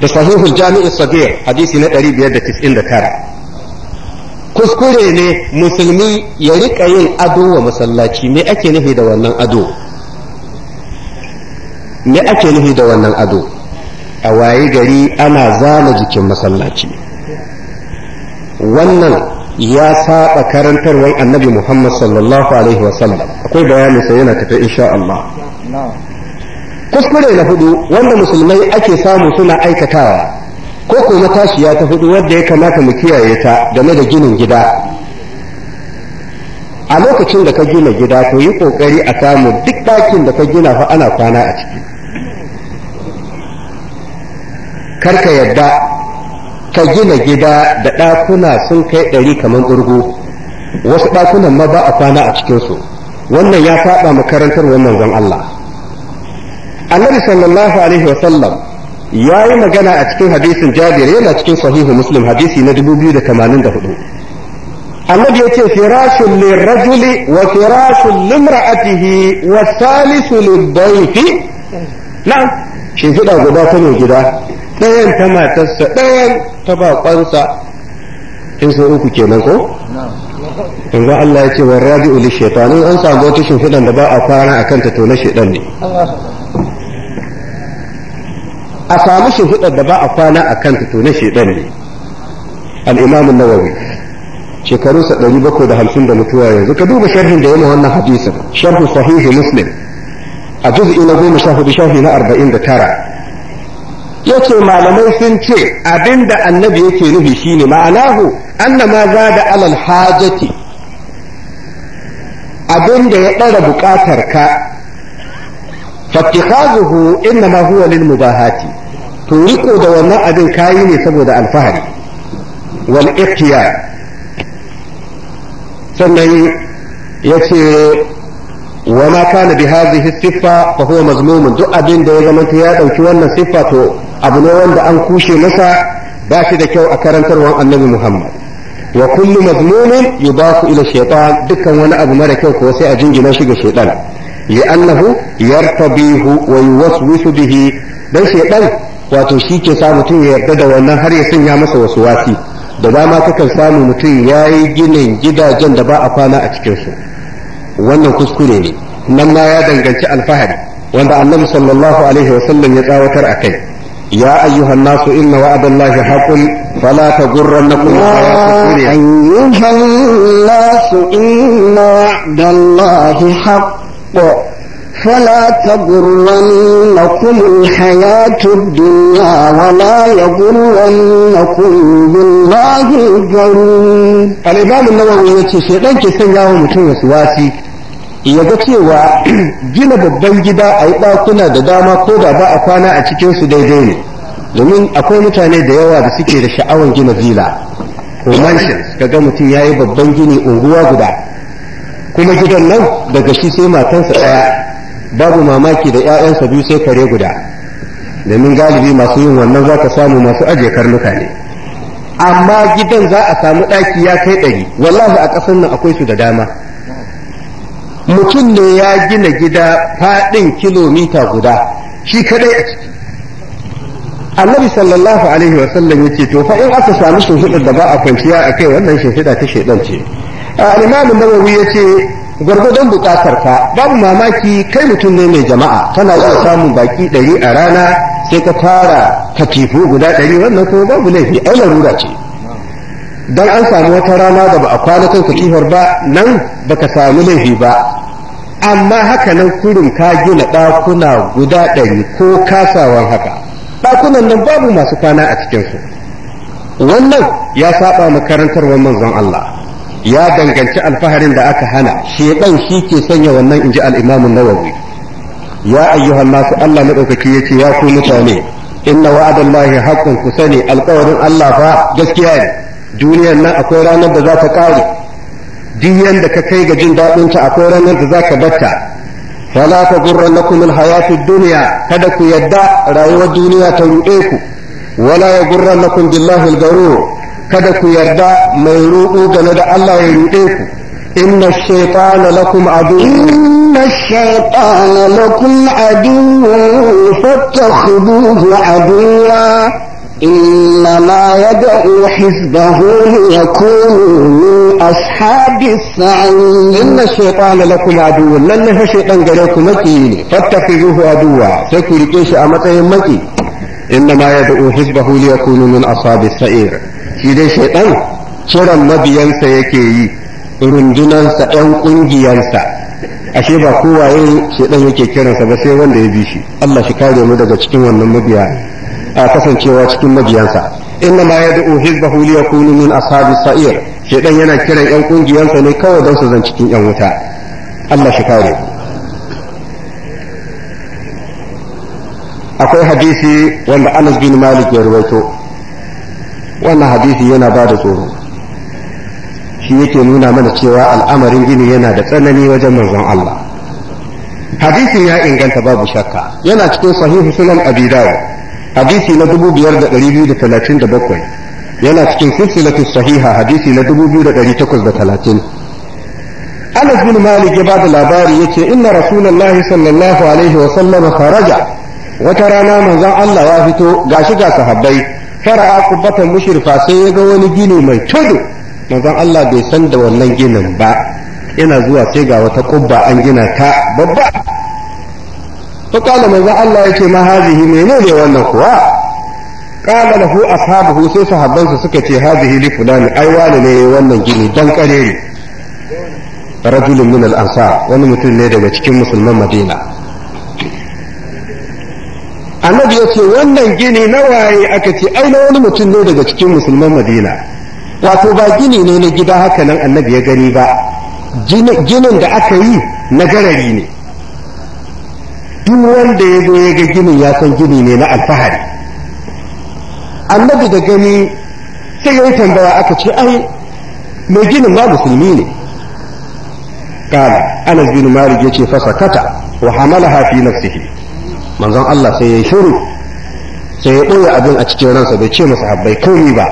da sahihul jami'in sagir hadisi na 599 kuskure ne musulmi ya rika yin ado wa masallaci me ake nufi da wannan ado me ake nufi da wannan ado a waye gari ana zama jikin masallaci wannan ya saba karantarwar annabi Muhammad sallallahu alaihi wasallam akwai bayanin sai yana tafi insha Allah kuskure na hudu wanda musulmai ake samu suna aikatawa ko ko ya ta hudu wadda ya kamata mu kiyaye ta game da ginin gida a lokacin da ka gina gida to yi kokari a samu duk ɗakin da ka gina fa ana kwana a ciki karka yadda ka gina gida da ɗakuna sun kai ɗari kamar urgu wasu ɗakunan ma ba a kwana a cikinsu wannan ya saba makarantar wannan zan Allah annabi sallallahu alaihi wasallam ya yi magana a cikin hadisin jabir yana cikin sahihu muslim hadisi na 2084 annabi ya ce firashun lirajuli wa firashun limra'atihi wa salisu lidayfi shi zuɗa guda ta mai gida ɗayan ta matarsa ɗayan ta baƙonsa in sun uku kenan ko yanzu Allah ya ce wa raji'u li shaytan in an samu wata shimfiɗan da ba a kwana a kanta to na shaytan ne a samu shimfiɗar da ba a kwana a kanta to na shaytan ne al-imam an-nawawi shekaru 750 da mutuwa yanzu ka duba sharhin da yana wannan hadisin sharhu sahihi muslim a juz'i na 14 shafi na arba'in da tara. yace malamai sun ce abinda annabi yake nufi shine ma'anahu annama zada alal hajati abinda ya ɗara buƙatar ka fattihazuhu innama huwa lil mubahati to riko da wannan abin kayi ne saboda alfahari wal ikhtiyar sannan yace wa ma kana bi hadhihi siffa fa huwa mazmumun duk abin da ya zama ya dauki wannan siffa to abu ne wanda an kushe masa ba shi da kyau a karantarwar annabi Muhammad wa kullu mazmumin ku ila shaytan dukkan wani abu mara kyau kuwa sai a jingina shi ga shaytan li'annahu yartabihu wa yuwaswisu bihi dan shaytan wato shi ke sa mutum ya yarda da wannan har ya sanya masa wasu wasi da dama kakan samu mutum ya yi ginin gidajen da ba a kwana a cikinsu wannan kuskure ne nan ma ya danganci alfahari wanda annabi sallallahu alaihi wasallam ya tsawatar a kai يا أيها الناس إن وعد الله حق فلا تغرنكم الحياة الدنيا يا أيها الناس إن وعد الله حق فلا تغرنكم الحياة الدنيا ولا يغرنكم بالله الغرور الإمام النووي يقول شيطان كسن يا ya ga cewa gina babban gida a yi ɗakuna da dama ko da ba a kwana a cikin su daidai ne domin akwai mutane da yawa da suke da sha'awan gina villa ko mansions kaga mutum ya yi babban gini unguwa guda kuma gidan nan daga shi sai matansa ɗaya babu mamaki da 'ya'yansa biyu sai kare guda domin galibi masu yin wannan za ka samu masu ajiye karnuka ne amma gidan za a samu ɗaki ya kai ɗari wallahi a ƙasar nan akwai su da dama mutum ne ya gina gida faɗin kilomita guda shi kadai a ciki annabi sallallahu alaihi wa ya ce to fa in aka sami shimfiɗar da ba a kwanciya a kai wannan shimfiɗa ta shedan ce al-imam nawawi ya ce bukatar ka babu mamaki kai mutum ne mai jama'a kana iya samun baki ɗari a rana sai ka fara katifu guda ɗari wannan kuma babu laifi ai larura ce dan an samu wata rana da ba a kwana kan katifar ba nan baka samu laifi ba amma haka nan kurin ka gina ɗakuna guda ɗari ko kasawan haka ɗakunan nan babu masu kwana a cikinsu wannan ya saba makarantarwar manzon Allah ya danganci alfaharin da aka hana shedan shi ke sanya wannan inji ji imam nawawi ya ayyuhan nasu Allah madaukaki yace ya ku mutane inna wa'adallahi haqqun ku sani alƙawarin Allah fa gaskiya ne duniyar nan akwai ranar da za ta ƙare duk yadda ka kai ga jin daɗin ta akwai ranar da zaka batta fala ta gurrannakum alhayatud dunya kada ku yadda rayuwar duniya ta ruɗe ku wala ya gurrannakum billahi algarur kada ku yarda mai ruɗu na da Allah ya ruɗe ku inna shaytana lakum adu inna shaytana lakum adu إنما يدعو حزبه ليكونوا من أصحاب السعير إن الشيطان لكم عدو لن نهى شيطان قريكم مكين فاتخذوه عدوا سيكون كيش أمتهم مكي إنما يدعو حزبه ليكونوا من أصحاب السعير shi dai shaidan kiran mabiyansa yake yi rundunansa ɗan ينسى ashe ba kowa kowaye shaidan yake kiransa ba sai wanda ya bi shi Allah shi kare mu daga cikin wannan mabiya A kasancewa cikin majiyansa inna ma yad'u hizbahu li yakunu min ashabi sa'ir shedan yana kiran yan kungiyansa ne kawai don su zan cikin yan wuta Allah shi kare akwai hadisi wanda Anas bin Malik ya ruwaito wannan hadisi yana ba da tsoro shi yake nuna mana cewa al'amarin gini yana da tsanani wajen manzon Allah hadisin ya inganta babu shakka yana cikin sahihu sunan abi dawud hadisi na 2237 yana cikin silsilatu sahiha hadisi na 2830 Anas bin Malik ya bada labari yace inna Rasulullahi sallallahu alaihi wa sallam kharaja wata rana manzon Allah ya fito gashi ga sahabbai fara'a kubbatan mushrifa sai ya ga wani gini mai tudu manzon Allah bai san da wannan ginin ba yana zuwa sai ga wata kubba an gina ta babba fa qala manzo Allah yake ma hazihi menene wannan kuwa qala lahu ashabuhu sai sahabbansa suka ce hazihi li fulani ai wani ne wannan gini dan kare ne rajulun min al-ansar wani mutum ne daga cikin musulman Madina annabi ya ce wannan gini na waye aka ce ai na wani mutum ne daga cikin musulman madina wato ba gini ne na gida haka nan annabi ya gani ba ginin da aka yi na garari ne duk wanda ya zo ya ga gini ya san gini ne na alfahari annabi da gani sai ya yi tambaya aka ce ai mai ginin ma musulmi ne kala anas bin malik yace fa sakata wa hamalaha fi nafsihi manzon Allah sai ya yi shiru sai ya ɗoya abin a cikin ransa bai ce masa habbai komi ba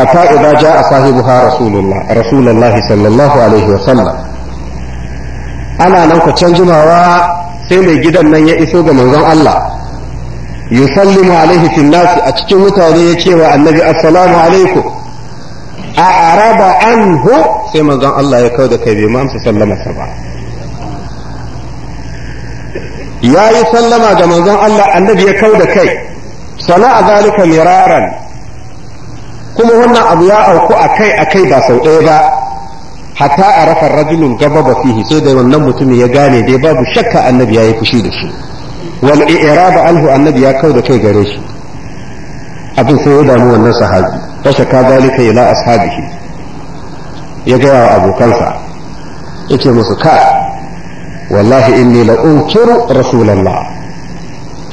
hatta idza jaa ha rasulullah rasulullahi sallallahu alaihi wa sallam ana nan ku can jimawa sai mai gidan nan ya iso ga manzon Allah yusallimu alaihi fil nasi a cikin mutane ya cewa annabi assalamu alaikum a araba anhu sai manzon Allah ya kawo da kai bai mamsa amsa sallama sa ba ya yi sallama ga manzon Allah annabi ya kawo da kai sana'a zalika miraran kuma wannan abu ya auku akai akai ba sau ɗaya ba hatta a rafa rajulun gababa fihi sai da wannan mutumin ya gane dai babu shakka annabi ya yi fushi da shi wal i'raba anhu annabi ya kau da kai gare shi abin sai ya damu wannan sahabi fa shaka zalika ila ashabihi ya ga wa abokansa yace musu ka wallahi inni la unkiru rasulullah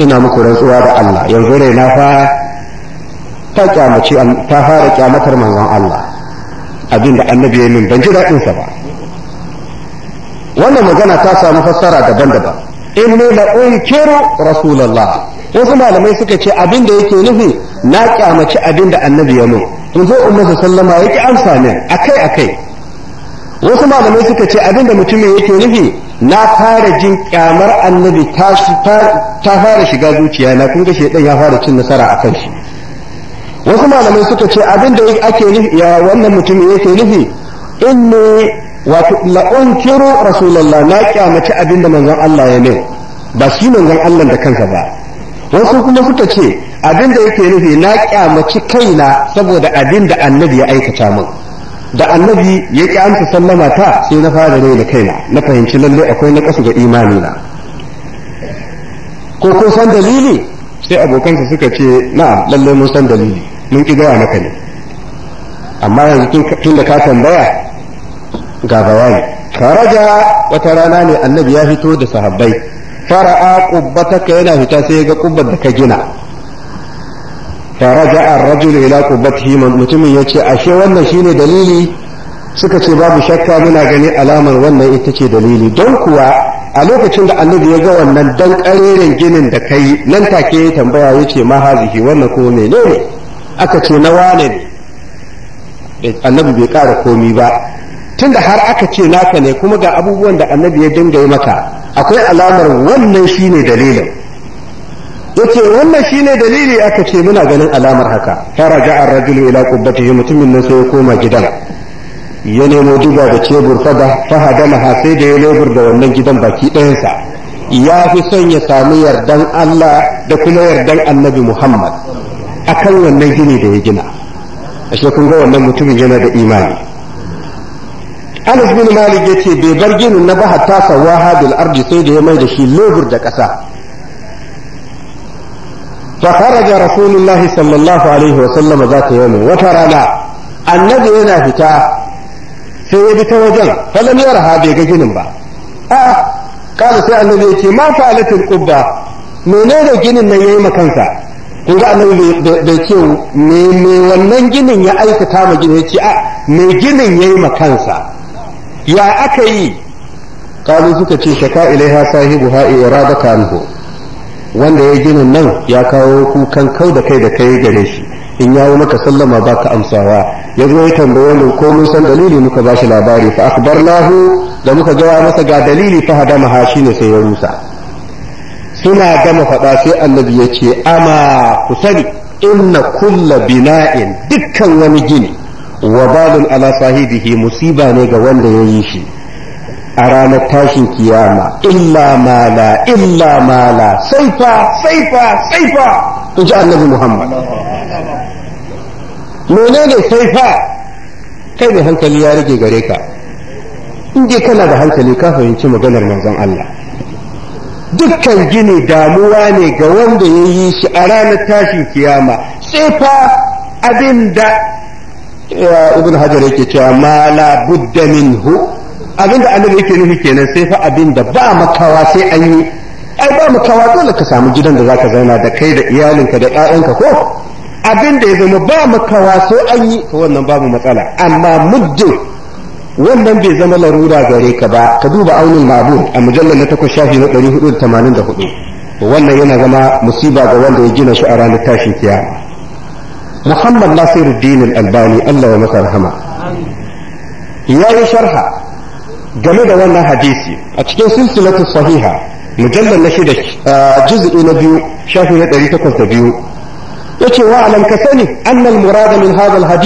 ina muku rantsuwa da Allah yanzu na fa ta kyamaci ta fara kyamatar manzon Allah abin da annabi ya yi min ban ji daɗinsa ba wannan magana ta samu fassara daban-daban inni la unkiru rasulallah wasu malamai suka ce abin da yake nufi na kyamaci abin da annabi ya min in zo in masa sallama ya ki amsa min akai akai wasu malamai suka ce abin da mutumin yake nufi na fara jin kyamar annabi ta fara shiga zuciya na kun ga shedan ya fara cin nasara a kan shi wasu malamai suka ce abin da ake ya wannan mutum yake nufi inni wato la'unkiru rasulullah na kyamaci abin da manzon Allah ya ne ba shi manzon Allah da kansa ba wasu kuma suka ce abin da yake nufi na kyamaci kaina saboda abin da annabi ya aikata min da annabi ya ki amsa sallama ta sai na fara rai da kaina na fahimci lalle akwai na kasu ga imani na ko ko san dalili sai abokansa suka ce na lalle mun san dalili mun ƙi gaya maka ne amma yanzu tun da ka tambaya ga bayani faraja wata rana ne annabi ya fito da sahabbai fara'a qubbataka yana fita sai ya ga qubbar da ka gina faraja a rajul ila qubbatihi mutumin ce ashe wannan shine dalili suka ce babu shakka muna gani alamar wannan ita ce dalili don kuwa a lokacin da annabi ya ga wannan dan ginin da kai nan take ya tambaya yace ma hazihi wannan ko menene aka ce na wane ne eh, annabi bai ƙara komi ba Tun da har aka ce naka ne kuma ga abubuwan da annabi ya dinga yi maka akwai alamar wannan shi ne dalilin yace wannan shi ne dalili aka ce muna ganin alamar haka faraja ar-rajulu ila qubbatihi mutumin nan sai ya koma gidan ya nemo duba da cebur fada fahadamaha sai da ya lebur da wannan gidan baki ɗayansa ya fi son ya sami yardan Allah da kuma yardan annabi Muhammad akan wannan gini da ya gina a kun ga wannan mutumin yana da imani Anas bin Malik ya ce bai bar ginin na ba hatta sawa hadil ardi sai da ya mai da shi lebur da ƙasa fa kharaja rasulullahi sallallahu alaihi wa sallam zata yawmin wata rana annabi yana fita sai ya bi ta wajen falam yaraha bai ga ginin ba a ah, kala sai annabi ya ce ma fa'alatul qubba menene ginin nan yayi makansa kun ga annabi bai ce me me wannan ginin ya aikata ma ginin ce a me ginin yayi ma kansa ya aka yi kalu suka ce shaka ilaiha sahibu ha irada kanhu wanda ya ginin nan ya kawo kukan kau da kai da kai gare shi in yawo maka sallama baka amsawa ya zo ya tambaye mu ko mun san dalili muka ba shi labari fa akbarnahu da muka gaya masa ga dalili fa hadama shi ne sai ya rusa suna gama faɗa sai annabi ya ce ama ku sani inna kulla bina'in dukkan wani gini wa babin ala sahibihi musiba ne ga wanda ya yi shi a ranar tashin kiyama illa mala illa mala saifa saifa saifa in ji annabi muhammad mene ne saifa kai mai hankali ya rage gare ka in kana da hankali ka fahimci maganar manzon allah dukkan gini damuwa ne ga wanda ya yi shi a ranar tashin kiyama sai fa abin da eh, ibn hajar yake cewa ma la budda minhu abin da annabi yake nufi kenan sai fa abin da ba makawa sai an yi ai ba makawa dole ka samu gidan da zaka zauna da kai da iyalinka da ƴaƴanka ko abin da ya zama ba makawa sai an yi to wannan babu matsala amma muddin wannan bai zama larura gare ka ba ka duba aunin ma'bud a mujallar na takwas shafi na hudu. wannan yana zama musiba ga wanda ya gina shi a ranar tashin taya. muhammad nasiruddin al-albani Allah ya masa rahama ya yi sharha game da wannan hadisi a cikin silsilatu sahiha mujallar na shida juz'i na biyu shafi na 802 yace wa alam ka sani annal murada min hadha al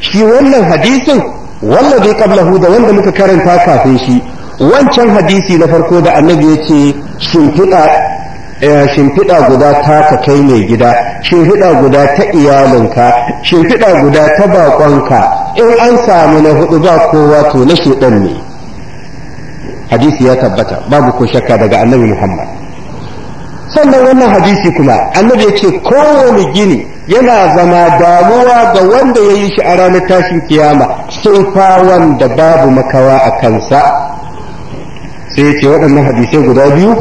shi wannan hadisin wallazi qablahu da wanda muka karanta kafin shi wancan hadisi na farko da annabi ya shin eh, shimfiɗa guda ta ka kai mai gida shimfiɗa guda ta iyalinka shimfiɗa guda ta baƙonka in an samu na hudu ba kowa to na shedan ne hadisi ya tabbata babu ko shakka daga annabi muhammad sannan wannan hadisi kuma annabi ya ce kowane gini yana zama damuwa ga wanda ya yi shi a ranar tashin kiyama tsufa wanda babu makawa a kansa sai ce waɗannan hadisai guda biyu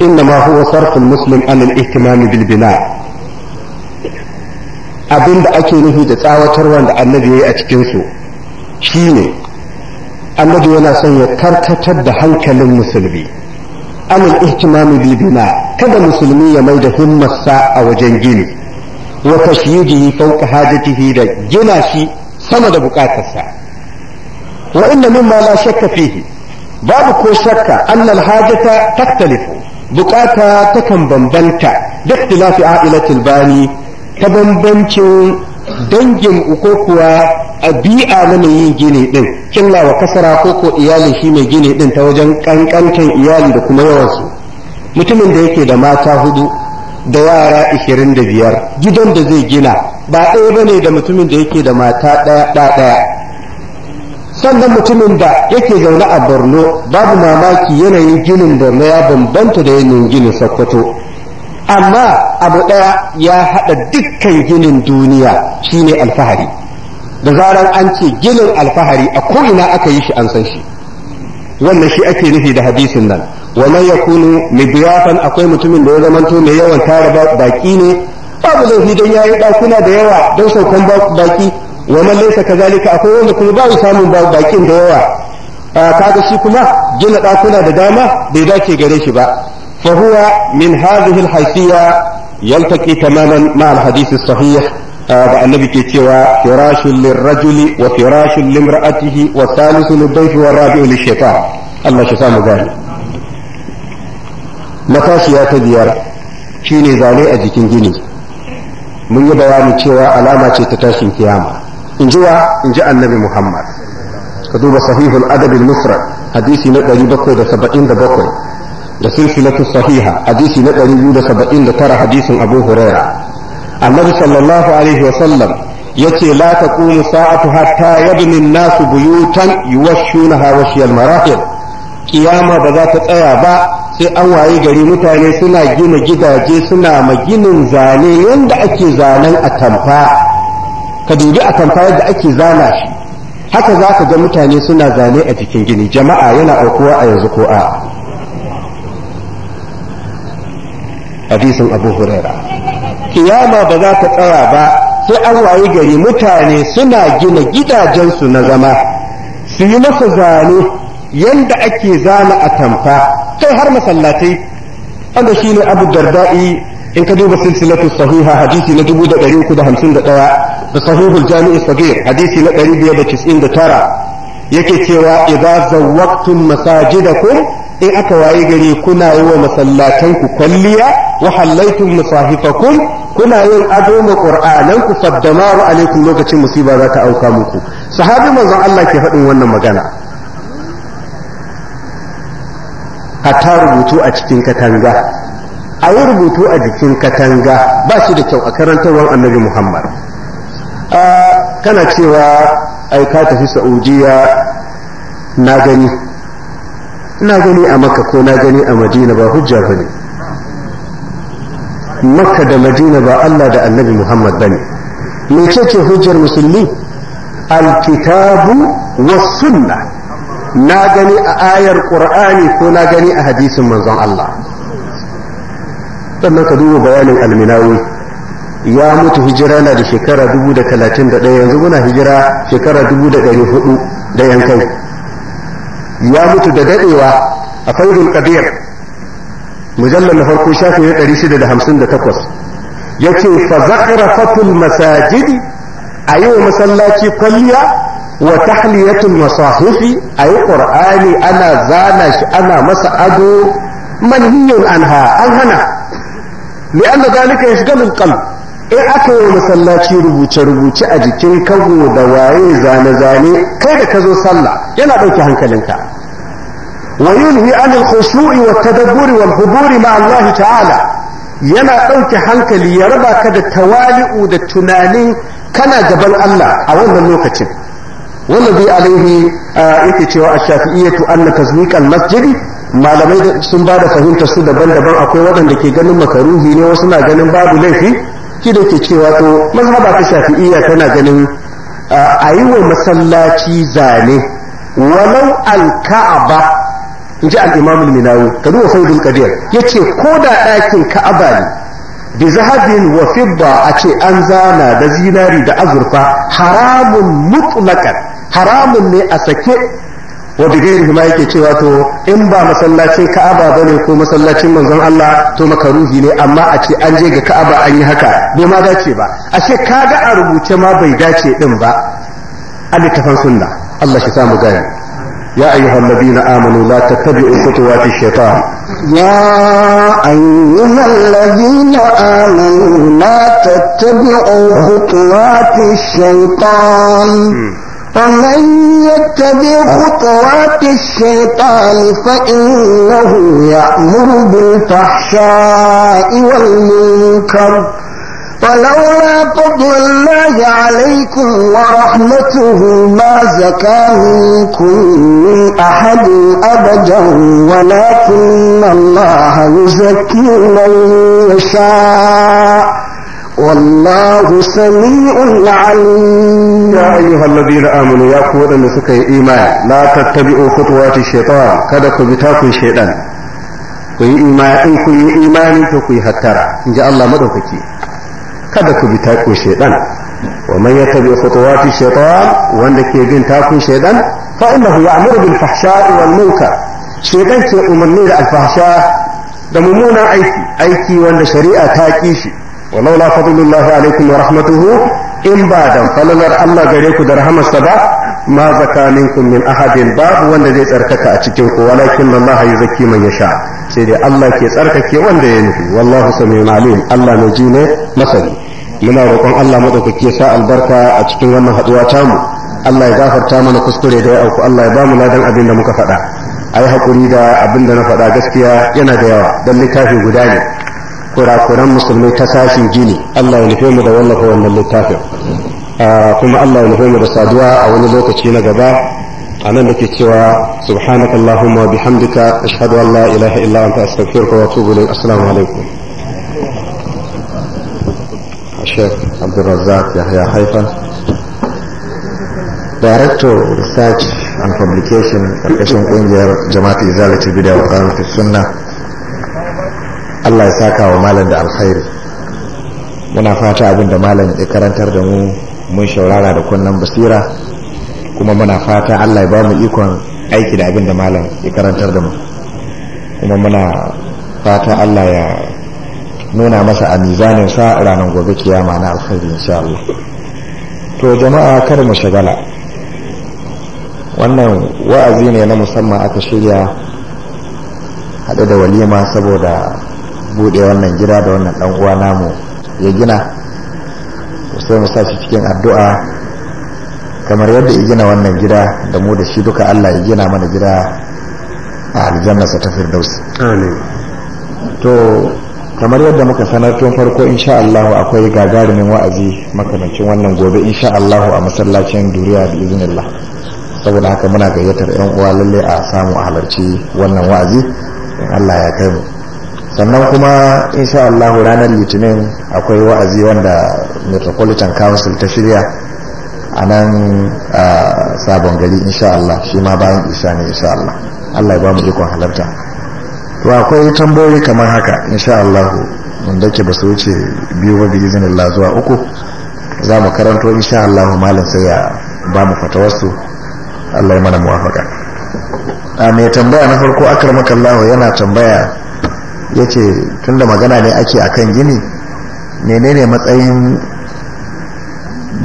إنما هو صرف المسلم عن الاهتمام بالبناء bilbina abinda ake nufi da tsawatarwa da annabi ya yi a cikinsu shi ne annabi yana son ya karkatar da hankalin musulmi anil ihtimami bi bina kada musulmi ya mai da himmarsa a wajen gini wa tashyijihi fawqa hajatihi da gina shi sama da bukatarsa wa inna mimma la shakka fihi babu ko shakka anna al hajata taktalifu bukata takan bambanta da ikhtilafi a'ilatil bani ta bambancin dangin uko kuwa bia na mai yin gini din killa wa kasara ko ko iyali shi mai gini din ta wajen kankantan iyali da kuma yawansu mutumin da yake da mata hudu da yara ishirin da biyar gidan da zai gina ba ɗaya bane da mutumin da yake da mata ɗaya ɗaya sannan mutumin da yake zaune a borno babu mamaki yanayin ginin borno ya bambanta da yanayin ginin sokoto amma abu ɗaya ya haɗa dukkan ginin duniya shine alfahari da zarar an ce ginin alfahari a ko ina aka yi shi an san shi wannan shi ake nufi da hadisin nan wannan ya kunu mibiyafan akwai mutumin da ya zamanto mai yawan tara baki ne babu laifi don ya yi ɗakuna da yawa don saukan baki wannan laisa kazalika akwai wanda kuma ba samun bakin da yawa ah, kaga shi kuma gina ɗakuna da dama bai dace gare shi ba فهو من هذه الحيثية يلتقي تماما مع الحديث الصحيح da annabi ke cewa firashun lirrajuli wa firashun limra'atihi wa salisu lidayfi wa rabi'u lishaitan Allah shi samu gani matashiya ta biyar shine zane a jikin gini mun yi bayani cewa alama ce ta tashin kiyama in ji wa annabi Muhammad ka duba sahihul adab al-mufrad hadisi na 777 da silsilatu sahiha hadisi na 279 hadisin abu huraira annabi sallallahu alaihi wa sallam yace la taqumu sa'atu hatta yabni an-nasu buyutan yuwashshunaha washiyal marahil kiyama ba za ta tsaya ba sai an waye gari mutane suna gina gidaje suna maginin zane yadda ake zanen atamfa ka dubi atamfa yadda ake zana shi haka za ka ga mutane suna zane a cikin gini jama'a yana aukuwa a yanzu ko hadisin abu huraira kiyama ba za ta tsaya ba sai an wayi gari mutane suna gina gidajensu na zama su yi masa zane yadda ake zana a tamfa kai har masallatai wanda shi ne abu darda'i in ka duba silsilatu sahiha hadisi na 351 da sahihul jami'i sagir hadisi na 599 yake cewa idza zawwaqtum masajidakum in aka waye gari kuna yi wa ku kwalliya wa hallaitum musahifakum kuna yin ado ma qur'anan ku faddamaru alaikum lokacin musiba za ta auka muku sahabi manzon Allah ke faɗin wannan magana hatta rubutu a cikin katanga a rubutu a jikin katanga ba shi da kyau a karantarwar annabi muhammad ah, kana cewa aika tafi sa'udiya na gani na gani a makka ko na gani a madina ba hujja ba ne makka da madina ba allah da annabi muhammad ba ne mecece hujjar musulmi alkitabu wa sunna na gani a ayar ƙur'ani ko na gani a hadisin manzon allah sannan ka duba bayanin alminawi ya mutu hijira na da shekara 1031 yanzu muna hijira shekara 1400 da yankai ya mutu da dadewa a faidul qadir mujallal na farko shafi takwas 658 yace fa zaqrafatul masajidi yi wa masallaci kwalliya wa tahliyatul masahifi ayi ƙur'ani ana zana shi ana masa ado manhiyun anha an hana ya shiga يشغل qalb in aka yi masallaci rubuce-rubuce a jikin kago da waye zane-zane kai da ka zo sallah yana ɗauke hankalinka wa yunhi anil khushu'i wa tadabburi wal huduri ma Allah ta'ala yana ɗauke hankali ya raba ka da tawali'u da tunani kana gaban Allah a wannan lokacin wannan bi alaihi yake cewa a shafi'iyyatu anna tazmiqal masjidi malamai sun ba da fahimtar su daban-daban akwai waɗanda ke ganin makaruhi ne wasu na ganin babu laifi ki da ke cewa to mazhaba ta shafi'iyya tana ganin a yi wa masallaci zane walau alka'aba in ji al'imam al-minawi ka duba faudul qadir yace ko da ɗakin ka'aba ne bi zahabin wa a ce an zana da zinari da azurfa haramun mutlaqan haramun ne a sake wa bi gairi ma yake cewa to in ba masallacin ka'aba bane ko masallacin manzon Allah to makaruhi ne amma a ce an je ga ka'aba an yi haka bai ma dace ba ashe kaga a rubuce ma bai dace din ba a littafin sunna Allah shi samu gane ya ayyuhal ladina amanu la tattabi'u khutuwati shaitan ya ayyuhal ladina amanu la tattabi'u khutuwati shaitan ومن يتبع خطوات الشيطان فإنه يأمر بالفحشاء والمنكر ولولا فضل الله عليكم ورحمته ما زكى منكم من أحد أبدا ولكن الله يزكي من يشاء والله سميع عليم يا أيها الذين آمنوا يا قوة نسكي إيمان لا تتبعوا خطوات الشيطان كذا كبتاك الشيطان ku إيمان imani in ku yi imani to ku yi hattara kada ku bi takun shaidan wa man yattabi khutuwati shaitan wanda ke bin takun shaidan fa innahu ya'muru bil fahsha'i wal munkar shaidan ke umarni da alfahsha da mummunan aiki aiki wanda shari'a ta ki shi walau la fadlullahi alaikum wa rahmatuhu in ba dan falalar Allah gare ku da rahamarsa ba ma zakaninku min ahadin babu wanda zai tsarkaka a cikin ku walakin Allah yuzakki man yasha sai dai Allah ke tsarkake wanda ya nufi wallahu sami alim Allah mai ji ne masani muna roƙon Allah madaukake sa albarka a cikin wannan ta mu. Allah ya gafarta mana kuskure da ya auku Allah ya bamu ladan abin da muka faɗa ayi hakuri da abin da na faɗa gaskiya yana da yawa dan littafi guda ne kurakuran musulmai ta sashin gini Allah ya nufe mu da wallafa wannan littafin ah, kuma Allah ya nufe mu da saduwa a wani lokaci na gaba anan nake cewa subhanakallahumma wa bihamdika ashhadu an la ilaha illa anta astaghfiruka wa atubu ilayk assalamu alaikum Sheikh Yahya Haifa Director Research and Publication ƙarƙashin ƙungiyar Jama'at Izalati Bida wa Ƙarfi Sunna Allah ya saka wa malam da alkhairi muna fata abin da malam ya karantar da mu mun shaurara da kunnen basira kuma muna fata Allah ya ba mu ikon aiki da abin da malam ya karantar da mu kuma muna fata Allah ya nuna masa a mizanin sa ranar gobe kiyama na alkhairi insha Allah to jama'a kar mu shagala wannan wa'azi ne na musamman aka shirya haɗe da walima saboda buɗe wannan gida da wannan dan uwa namu ya gina sai mu sa shi cikin addu'a kamar yadda ya gina wannan gida da mu da shi duka Allah ya gina mana gida a aljannasa ta firdausa. to kamar yadda muka sanar tun farko insha Allah akwai gagarumin wa'azi makamancin wannan gobe insha Allah a masallacin duriya da iznillah saboda haka muna gayyatar yan uwa lalle a samu a halarci wannan wa'azi in Allah ya kai mu sannan kuma insha Allah ranar litinin akwai wa'azi wanda metropolitan council ta shirya a nan sabon gari insha Allah shi ma bayan isa ne insha Allah Allah ya ba mu ikon halarta to akwai tambayoyi kamar haka insha Allah wanda ke ba wuce biyu ba biyu zuwa uku za mu karanto insha Allah malam sai ya ba mu fatawarsu Allah ya mana muwafaka a mai tambaya na farko akramaka Allah yana tambaya yace tunda magana ne ake akan gini menene matsayin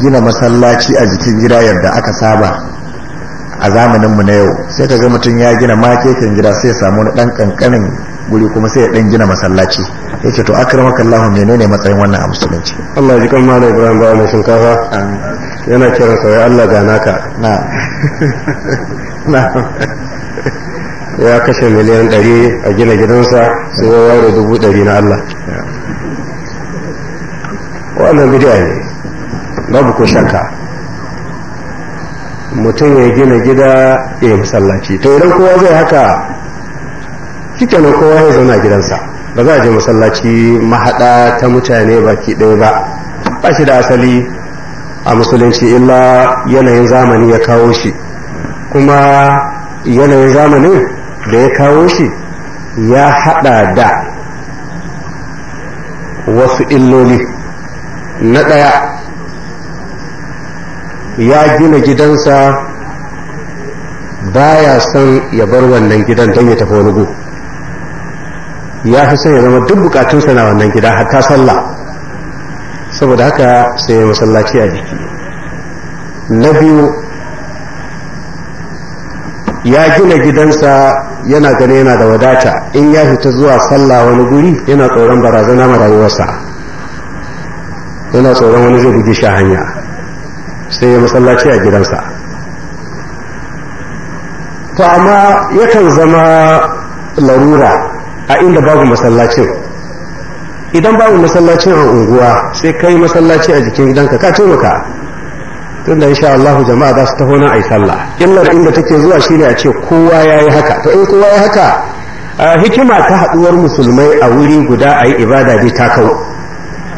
gina masallaci a jikin gida yadda aka saba a zamaninmu na yau sai ka ga mutum ya gina makekin gida sai ya samu wani ɗan ƙanƙanin guri kuma sai ya ɗan gina masallaci yake to akramakallahu menene matsayin wannan a musulunci Allah ji kan mala Ibrahim ba mai shinkafa yana kiran sai Allah ga naka na na ya kashe miliyan 100 a gina gidansa sai ya ware dubu 100 na Allah wannan bidiyo ne babu ko shakka mutum ya gina gida ya masallaci to idan kowa zai haka cike na kowa ya zauna gidansa ba za a je masallaci mahaɗa ta mutane baki ɗaya ba ba shi da asali a musulunci illa yanayin zamani ya kawo shi kuma yanayin zamanin da ya kawo shi ya haɗa da wasu illoli na ɗaya ya gina gidansa baya son ya bar wannan gidan don ya tafi wani ya fi son ya zama duk bukatunsa na wannan gida hatta sallah saboda haka sai ya masallaci a jiki na biyu ya gina gidansa yana gani yana da wadata in ya fita zuwa sallah wani guri yana tsoron barazana ma yana tsoron wani zai bugi sha hanya sai ya masallaci a gidansa to amma yakan zama larura a inda babu masallacin idan babu masallacin a unguwa sai kai masallaci a jikin gidanka ka tun tunda insha Allah jama'a za su taho nan ai sallah illar inda take zuwa shine a ce kowa yayi haka to in kowa yayi haka hikima ta haɗuwar musulmai a wuri guda ayi ibada dai ta kawo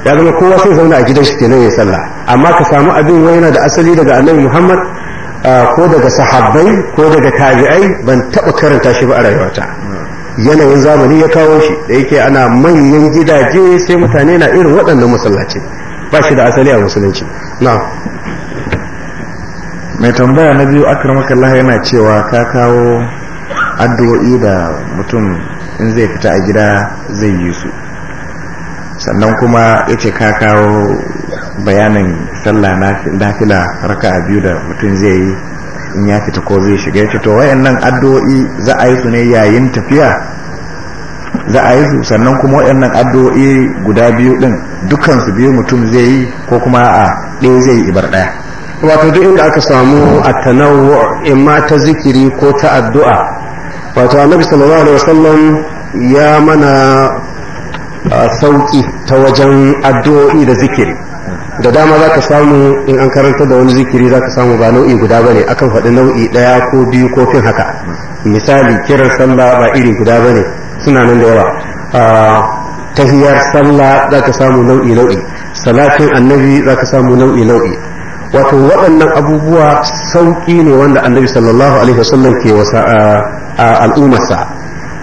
ya zama kowa sai zauna a gidan shi kenan ya sallah amma ka samu abin wai yana da asali daga annabi muhammad ko daga sahabbai ko daga tabi'ai ban taɓa karanta shi ba a rayuwata yanayin zamani ya kawo shi da yake ana manyan gidaje sai mutane na irin waɗannan musallaci ba shi da asali a musulunci na mai tambaya na biyu a akramakallah yana cewa ka kawo addu'o'i da mutum in zai fita a gida zai yi su sannan kuma ya ce ka kawo bayanin sallah nafila raka a biyu da mutum zai yi in ya fita ko zai shiga ya ce to wayannan addu'o'i za a yi su ne yayin tafiya za a yi su sannan kuma wayannan addu'o'i guda biyu din dukkan su biyu mutum zai yi ko kuma a ɗaya zai yi ibar ɗaya wato duk inda aka samu at-tanawwu imma ta zikiri ko ta addu'a wato annabi sallallahu alaihi wasallam ya mana sauki ta wajen addu'o'i da zikiri da dama za ka samu in an karanta da wani zikiri za ka samu ba nau'i guda ba ne akan faɗi nau'i ɗaya ko biyu ko fin haka misali kiran sallah ba iri guda ba ne suna nan da yawa ta hiyar sallah za ka samu nau'i nau'i salatin annabi za ka samu nau'i nau'i wato waɗannan abubuwa sauƙi ne wanda annabi sallallahu alaihi wasallam ke wasa a al'ummarsa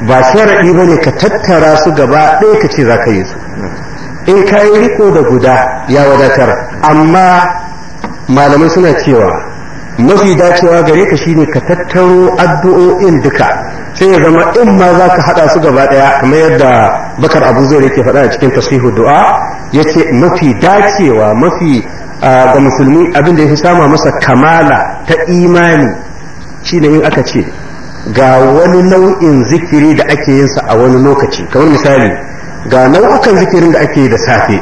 ba sharaɗi ba ne ka tattara su gaba ɗaya ka ce za ka yi su in ka yi riko da guda ya wadatar amma malamai suna cewa mafi dacewa gare ka shine ka tattaro addu'o'in duka sai ya zama in ma za ka haɗa su gaba ɗaya kamar yadda bakar abu zai yake faɗa a cikin tasihu du'a ya ce mafi dacewa mafi ga musulmi abinda ya fi sama masa kamala ta imani shine in aka ce ga wani nau'in zikiri da ake yin sa a wani lokaci kamar misali ga nau'ukan zikirin da ake yi da safe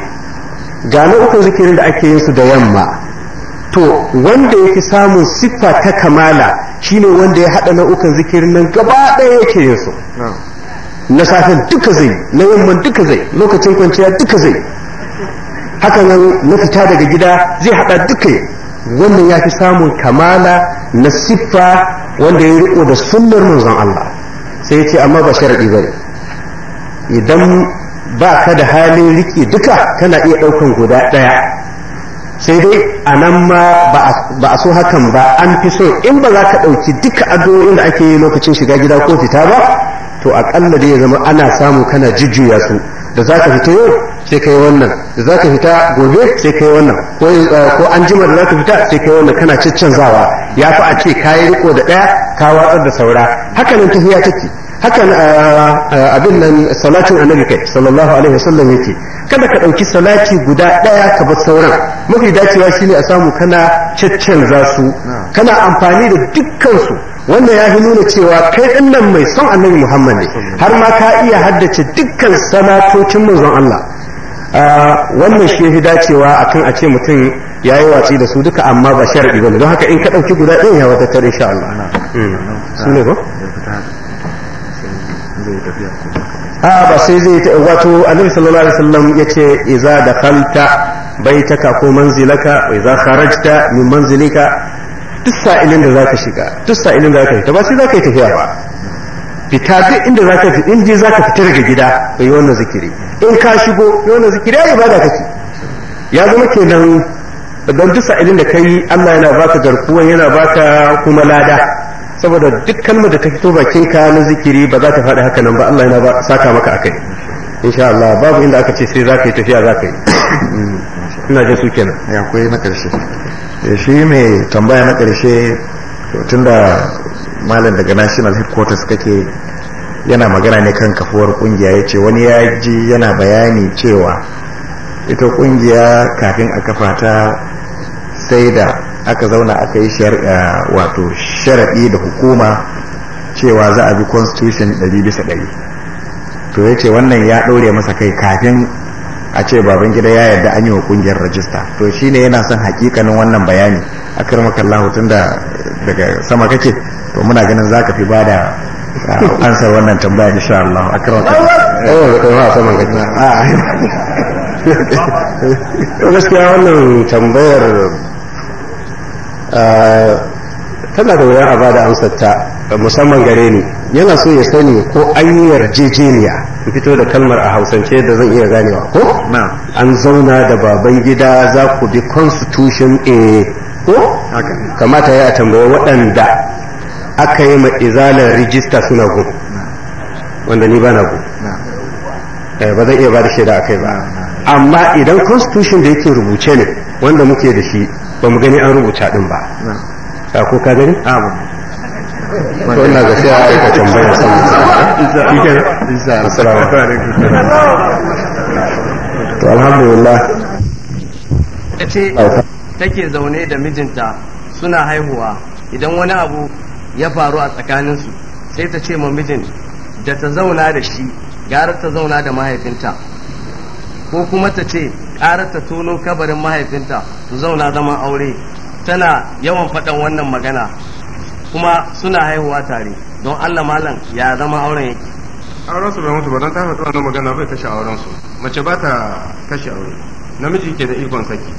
ga nau'ukan zikirin da ake yin su da yamma to wanda yake samun siffa ta kamala shine wanda ya haɗa nau'ukan zikirin nan gaba ɗaya yake yin su na safen duka zai na yamman duka zai lokacin kwanciya duka zai haka nan na fita daga gida zai haɗa duka wannan ya fi samun kamala na siffa wanda ya riko da sunnar manzon Allah sai ya ce amma ba sharadi ba idan ba ka da halin riki duka kana iya ɗaukan guda ɗaya sai dai a nan ma ba a so hakan ba an fi so in ba za ka ɗauki duka addu'o'in da ake yi lokacin shiga gida ko fita ba to aƙalla dai ya zama ana samu kana jujjuya su da za ka fita yau sai kai wannan da za ka fita gobe sai kai wannan ko eh, an jima da za ka fita sai kai wannan kana caccanzawa ya fi a ce kayi riko da ɗaya ka watsar da saura hakanan tafiya take hakan eh, eh, abin nan salatin annabi kai sallallahu alaihi wasallam yake kada ka ɗauki salati guda ɗaya ka bar sauran mafi dacewa shine a samu kana caccanza su kana amfani da dukkan su wannan ya fi nuna cewa kai ɗin nan mai son annabi muhammad ne har ma ka iya haddace dukkan salatocin manzon Allah wannan shi fi dacewa a kan a ce mutum ya yi watsi da su duka amma ba sharadi bane don haka in ka ɗauki guda ɗin ya wadatar insha Allah hmm. su ne ba a ba sai zai ta wato annabi sallallahu alaihi wasallam yace idza dakhalta baitaka ko manzilaka wa idza kharajta min manzilika duk sa'ilin da zaka shiga duk sa'ilin da zaka fita ba sai zaka yi tafiya ba fita duk inda za ka fi in je za ka fita daga gida ka yi wannan zikiri in ka shigo yi wannan zikiri ya ibada kake ya zama kenan don duk sa'ilin da kai Allah yana baka garkuwa yana baka kuma lada saboda duk kalmar da ta fito bakin ka na zikiri ba za ta faɗi haka nan ba Allah yana ba saka maka akai insha Allah babu inda aka ce sai za ka yi tafiya za ka yi ina jin su kenan ya koyi na ƙarshe eh, shi mai tambaya na ƙarshe tunda malam daga national headquarters kake yana magana ne kan kafuwar kungiya ya ce wani ya ji yana bayani cewa ita kungiya kafin a kafa ta sai da aka zauna aka yi wato sharaɗi da hukuma cewa za a bi constitution 100% to ya ce wannan ya ɗaure masa kai kafin a ce baban gida ya yarda an yi wa kungiyar rajista to shi ne yana son hakikanin wannan bayani a karmakan lahutun da daga sama kake to muna ganin za ka fi ba da ah, ansar wannan tambaya insha Allah a karon ka oh kai ba saman gajina a ah, ah. gaskiya wannan tambayar tana da wuyan a ba da amsar ta musamman gare ni yana so ya sani ko an yi yarjejeniya fito da kalmar a hausance da zan iya ganewa ko an zauna da baban gida za ku bi constitution a ko kamata ya tambaye waɗanda aka yi ma izalar rijista suna gun wanda ni ba na gun eh, ba zan iya ba da shaida a kai ba amma idan constitution da yake rubuce ne wanda muke da shi ba mu gani an rubuta din ba ka ko ka gani to ina ga sai a aika tambaya sun assalamu alaikum to alhamdulillah take zaune da mijinta suna haihuwa idan wani abu ya faru a tsakaninsu sai ta ce mijin da ta zauna da shi gara ta zauna da mahaifinta ko kuma ta ce ƙara ta tono kabarin mahaifinta su zauna zaman aure tana yawan faɗan wannan magana kuma suna haihuwa tare don allah malam ya zama auren yake auren su bai mutu ba don ta faɗi wannan magana bai kashe auren su mace ba ta kashe aure namiji ke da ikon saki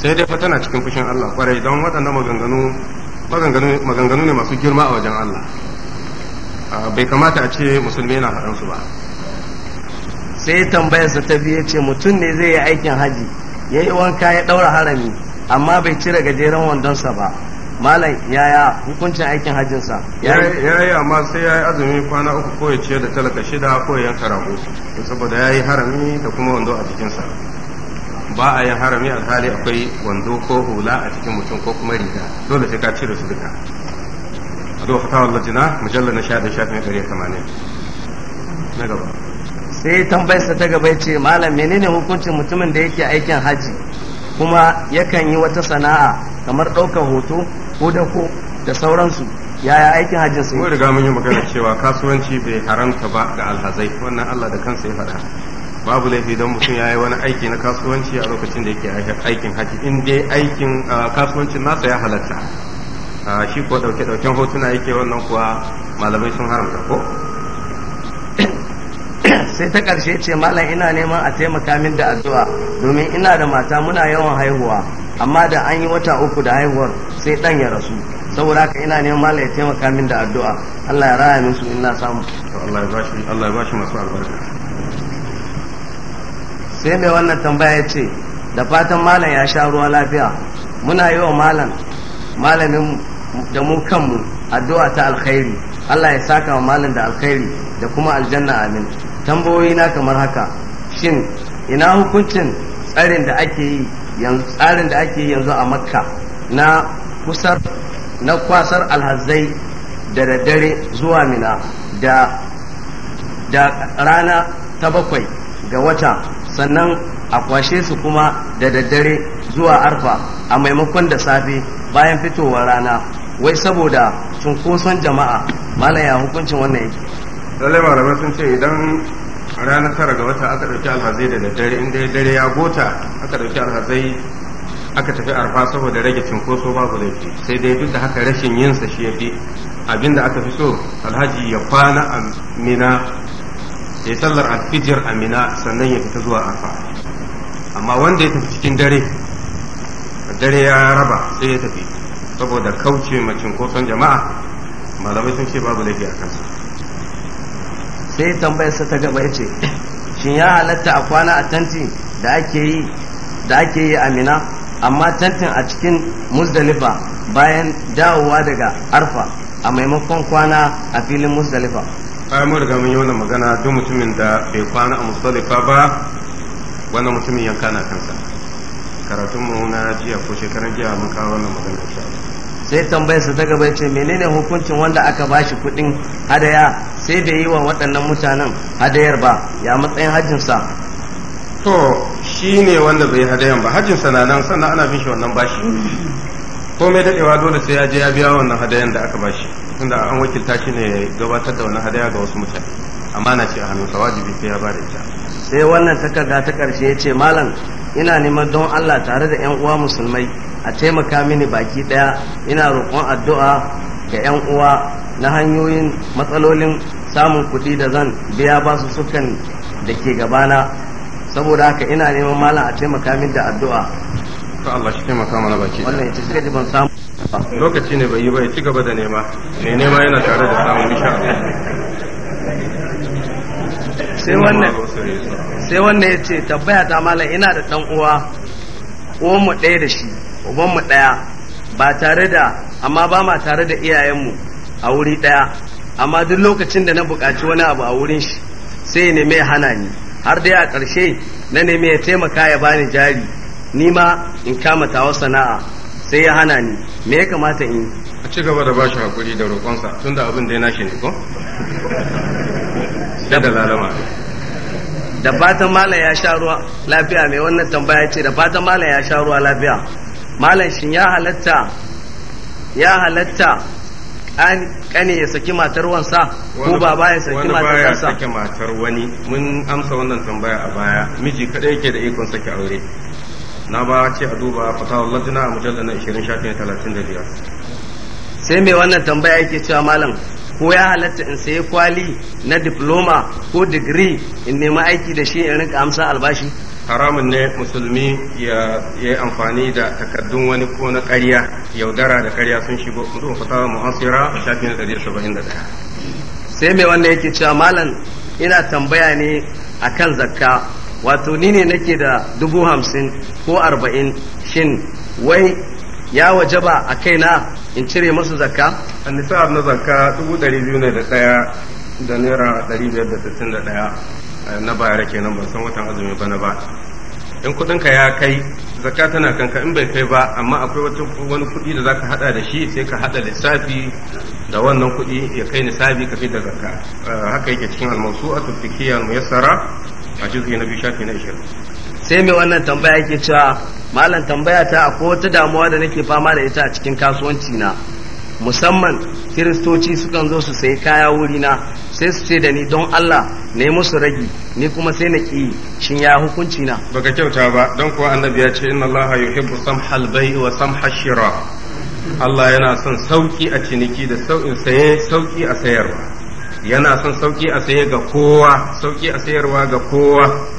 sai dai fa tana cikin fushin allah kwarai don waɗannan maganganu maganganu ne masu girma a wajen Allah bai kamata a ce musulmi na faɗansu ba sai tambayarsa ta biye ce mutum ne zai yi aikin haji ya yi wanka ya ɗaura harami amma bai cire gajeren wandonsa ba malam yaya hukuncin aikin hajjinsa ya yi amma sai ya yi azumi kwana uku ko ya ciyar da talaka shida ko ya yanka rago saboda ya yi harami da kuma wando a jikinsa ba a yin harami alhali akwai wando ko hula a cikin mutum ko kuma riga dole sai ka cire su duka a duk fata wallah jina mujallar na shaɗin shafin ɗari ne na gaba sai tambayarsa ta gaba ya ce malam menene hukuncin mutumin da yake aikin haji kuma yakan yi wata sana'a kamar ɗaukar hoto ko da ko da sauransu yaya aikin hajjin sai mun riga mun yi magana cewa kasuwanci bai haramta ba ga alhazai wannan Allah da kansa ya faɗa babu laifi don mutum ya yi wani aiki na kasuwanci a lokacin da yake aikin haji in dai aikin kasuwancin nasa ya halatta shi ko dauke dauken hotuna yake wannan kuwa malamai sun haramta ko sai ta karshe ce malam ina neman a taimaka min da addu'a domin ina da mata muna yawan haihuwa amma da an yi wata uku da haihuwar sai dan ya rasu saboda haka ina neman malam ya taimaka min da addu'a Allah ya raya min su ina samu Allah ya ba shi masu albarka sai mai wannan tambaya ya ce da fatan malam ya sha ruwa lafiya muna yi wa malam malamin da mu kanmu addu'a ta alkhairi Allah ya saka wa malam da alkhairi da kuma aljanna amin tambayoyi na kamar haka shin ina hukuncin tsarin da ake yi yanzu tsarin da ake yi yanzu a makka na kusar na kwasar alhazai da daddare zuwa mina da da rana ta bakwai ga wata sannan a kwashe su kuma da daddare zuwa arfa a maimakon da safe bayan fitowa rana wai saboda cunkoson jama'a malam ya hukuncin wannan yake lallai malamai sun ce idan ranar tara ga wata aka ɗauki alhazai da daddare in dai dare ya gota aka ɗauki alhazai aka tafi arfa saboda rage cunkoso babu laifi sai dai duk da haka rashin yinsa shi ya fi abinda aka fi so alhaji ya kwana a mina ya sallar alfijir Amina sannan ya fita zuwa arfa amma wanda ya tafi cikin dare dare ya raba sai ya tafi saboda kauce macin koson jama'a malamai sun ce babu laifi a kansa sai tambayarsa ta gaba ya ce shin ya halatta a kwana a tanti da ake yi da a amma tantin a cikin muzdalifa bayan dawowa daga arfa a maimakon kwana a filin muzdalifa bayan mun riga mun yi wannan magana duk mutumin da bai kwana a musdalifa ba wannan mutumin yanka na kansa karatun mu na jiya ko shekaran jiya mun kawo wannan magana insha sai tambayar su ta gaba ce menene hukuncin wanda aka bashi kuɗin hadaya sai bai yi wa waɗannan mutanen hadayar ba ya matsayin hajjinsa to shi ne wanda bai hadayan ba hajjinsa na nan sannan ana bin shi wannan bashi komai daɗewa dole sai ya je ya biya wannan hadayan da aka bashi tunda an wakilta shi ne gabatar da wani hadaya ga wasu mutane amana ce a hannunsa wajibi sai ya ba da ita sai wannan takarda ta karshe ya ce malam ina neman don Allah tare da yan uwa musulmai a taimaka mini baki daya ina roƙon addu'a ga yan uwa na hanyoyin matsalolin samun kuɗi da zan biya basu sukan da ke gabana saboda haka ina neman malam a taimaka min da addu'a ka Allah shi taimaka mana baki wannan ita shi ban samu lokaci ne bai yi ba ci gaba da nema mai nema yana tare da samun insha sai wannan ya ce tabbaya ta mala ina da dan uwa uwan mu ɗaya da shi uban mu ɗaya ba tare da amma ba ma tare da iyayenmu a wuri ɗaya amma duk lokacin da na buƙaci wani abu a wurin shi sai ya neme hana ni har dai a ƙarshe na neme ya taimaka ya bani jari ni ma in kama tawa sana'a sai ya hana ni me ya kamata in a ci gaba da bashi hakuri da roƙonsa tun da abin da ya nashi ne ko da lalama da fatan malam ya sha ruwa lafiya mai wannan tambaya ce da fatan malam ya sha ruwa lafiya malam shin ya halatta ya halatta kane ya saki matar wansa ko baba ya saki matar wansa wani baya saki matar wani mun amsa wannan tambaya a baya miji kadai yake da ikon saki aure na ba ce a duba fatawar lajina a mujallar na 20 shafin 35 sai mai wannan tambaya yake cewa malam ko ya halatta in sayi kwali na diploma ko digiri in nemi aiki da shi in rinka amsa albashi haramun ne musulmi ya yi amfani da takardun wani ko na ƙarya yaudara da ƙarya sun shigo mutum fatawa muhassira shafin 171 sai mai wannan yake cewa malam ina tambaya ne akan zakka wato ni ne nake da dubu hamsin ko arba'in shin wai ya waje ba a kaina in cire masu zakka? an nisa'ar na zakka dubu ɗari biyu ne da ɗaya da naira ɗari biyar da sittin da ɗaya eh, na bayar kenan ban san watan azumi bana ba in kuɗinka ya kai zakka tana kanka in bai kai ba amma akwai wata wani kuɗi da zaka hada da shi sai ka hada lissafi da wannan kuɗi ya kai nisabi ka fi da zakka eh, haka yake cikin almasu a tufikiyar muyassara a cikin na biyu shafi na ishirin sai mai wannan tambaya yake cewa malam tambaya ta akwai wata damuwa da nake fama da ita a cikin kasuwanci na musamman kiristoci sukan zo su sayi kaya wuri na sai su ce da ni don Allah ne musu ragi ni kuma sai na ki shin ya hukunci na baka kyauta ba don kuwa annabi ya ce inna Allah yuhibbu samhal bai'i wa samhash shira Allah yana son sauki a ciniki da sauƙin saye sauki a sayarwa yana son sauki a saye ga kowa sauki a sayarwa ga kowa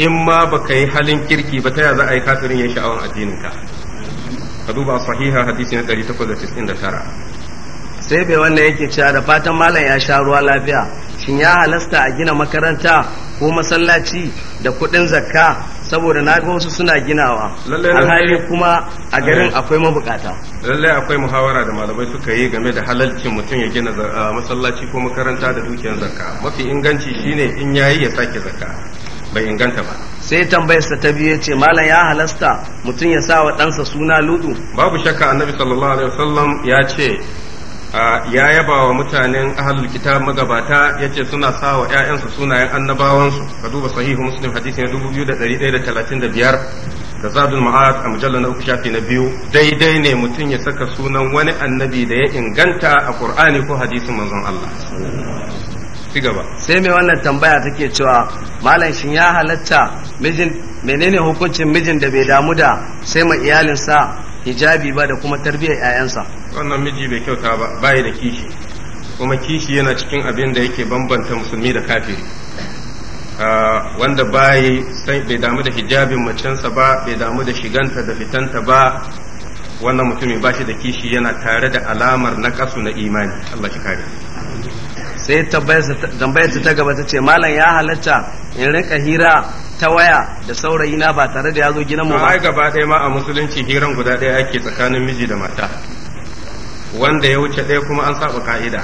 in ma baka yi halin kirki ba ta ya za a yi kafirin ya sha'awar addinin ka duba sahiha hadisi na 899 sai bai wannan yake cewa da fatan malam ya sha ruwa lafiya shin ya halasta a gina makaranta ko masallaci da kuɗin zakka saboda na ga wasu suna ginawa alhali kuma a garin akwai mabukata lallai akwai muhawara da malamai suka yi game da halalcin mutum ya gina masallaci ko makaranta da dukiyar zakka mafi inganci shine in yayi ya sake zakka bai inganta ba sai tambayar sa ta biyu ce malam ya halasta mutum ya sa wa ɗansa suna ludu babu shakka annabi sallallahu alaihi wasallam ya ce ya yaba wa mutanen ahlul kitab magabata ya ce suna sa wa ‘ya'yansu sunayen annabawansu ka duba sahihu muslim hadisi na 2135 da zadul ma'ad a mujallar na uku shafi na biyu daidai ne mutum ya saka sunan wani annabi da ya inganta a qur'ani ko hadisin manzon Allah ci gaba sai mai wannan tambaya take cewa malam shin ya halatta mijin menene hukuncin mijin da bai damu da sai ma iyalinsa hijabi ba da kuma tarbiyyar 'ya'yansa wannan miji bai kyauta ba bai da kishi kuma kishi yana cikin abin da yake bambanta musulmi da kafiri ah, wanda bai bai damu da hijabin macensa ba bai damu da shiganta da fitanta ba wannan mutumin ba shi da kishi yana tare da alamar na na imani Allah shi kare sai tambaya ta gaba ta ce malam ya halatta in rinka hira ta waya da saurayi na ba tare da ya zo gidan mu ba ai gaba ɗaya ma a musulunci hiran guda ɗaya ake tsakanin miji da mata wanda ya wuce ɗaya kuma an saba ka'ida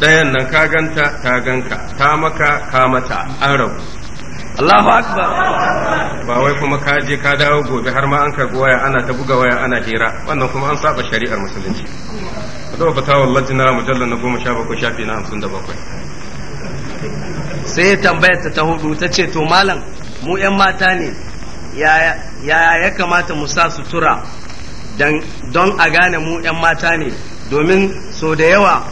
ɗayan nan ka ganta ta ganka ta maka ka mata an rabu Allahu akbar ba wai kuma ka je ka dawo gobe har ma an karbi waya ana ta buga waya ana hira wannan kuma an saba shari'ar musulunci ka zo wallahi na mujallal na goma sha bakwai shafi na hamsin da bakwai sai tambayar ta ta hudu ta ce to malam mu 'yan mata ne ya ya kamata mu sa sutura don a gane mu 'yan mata ne domin so da yawa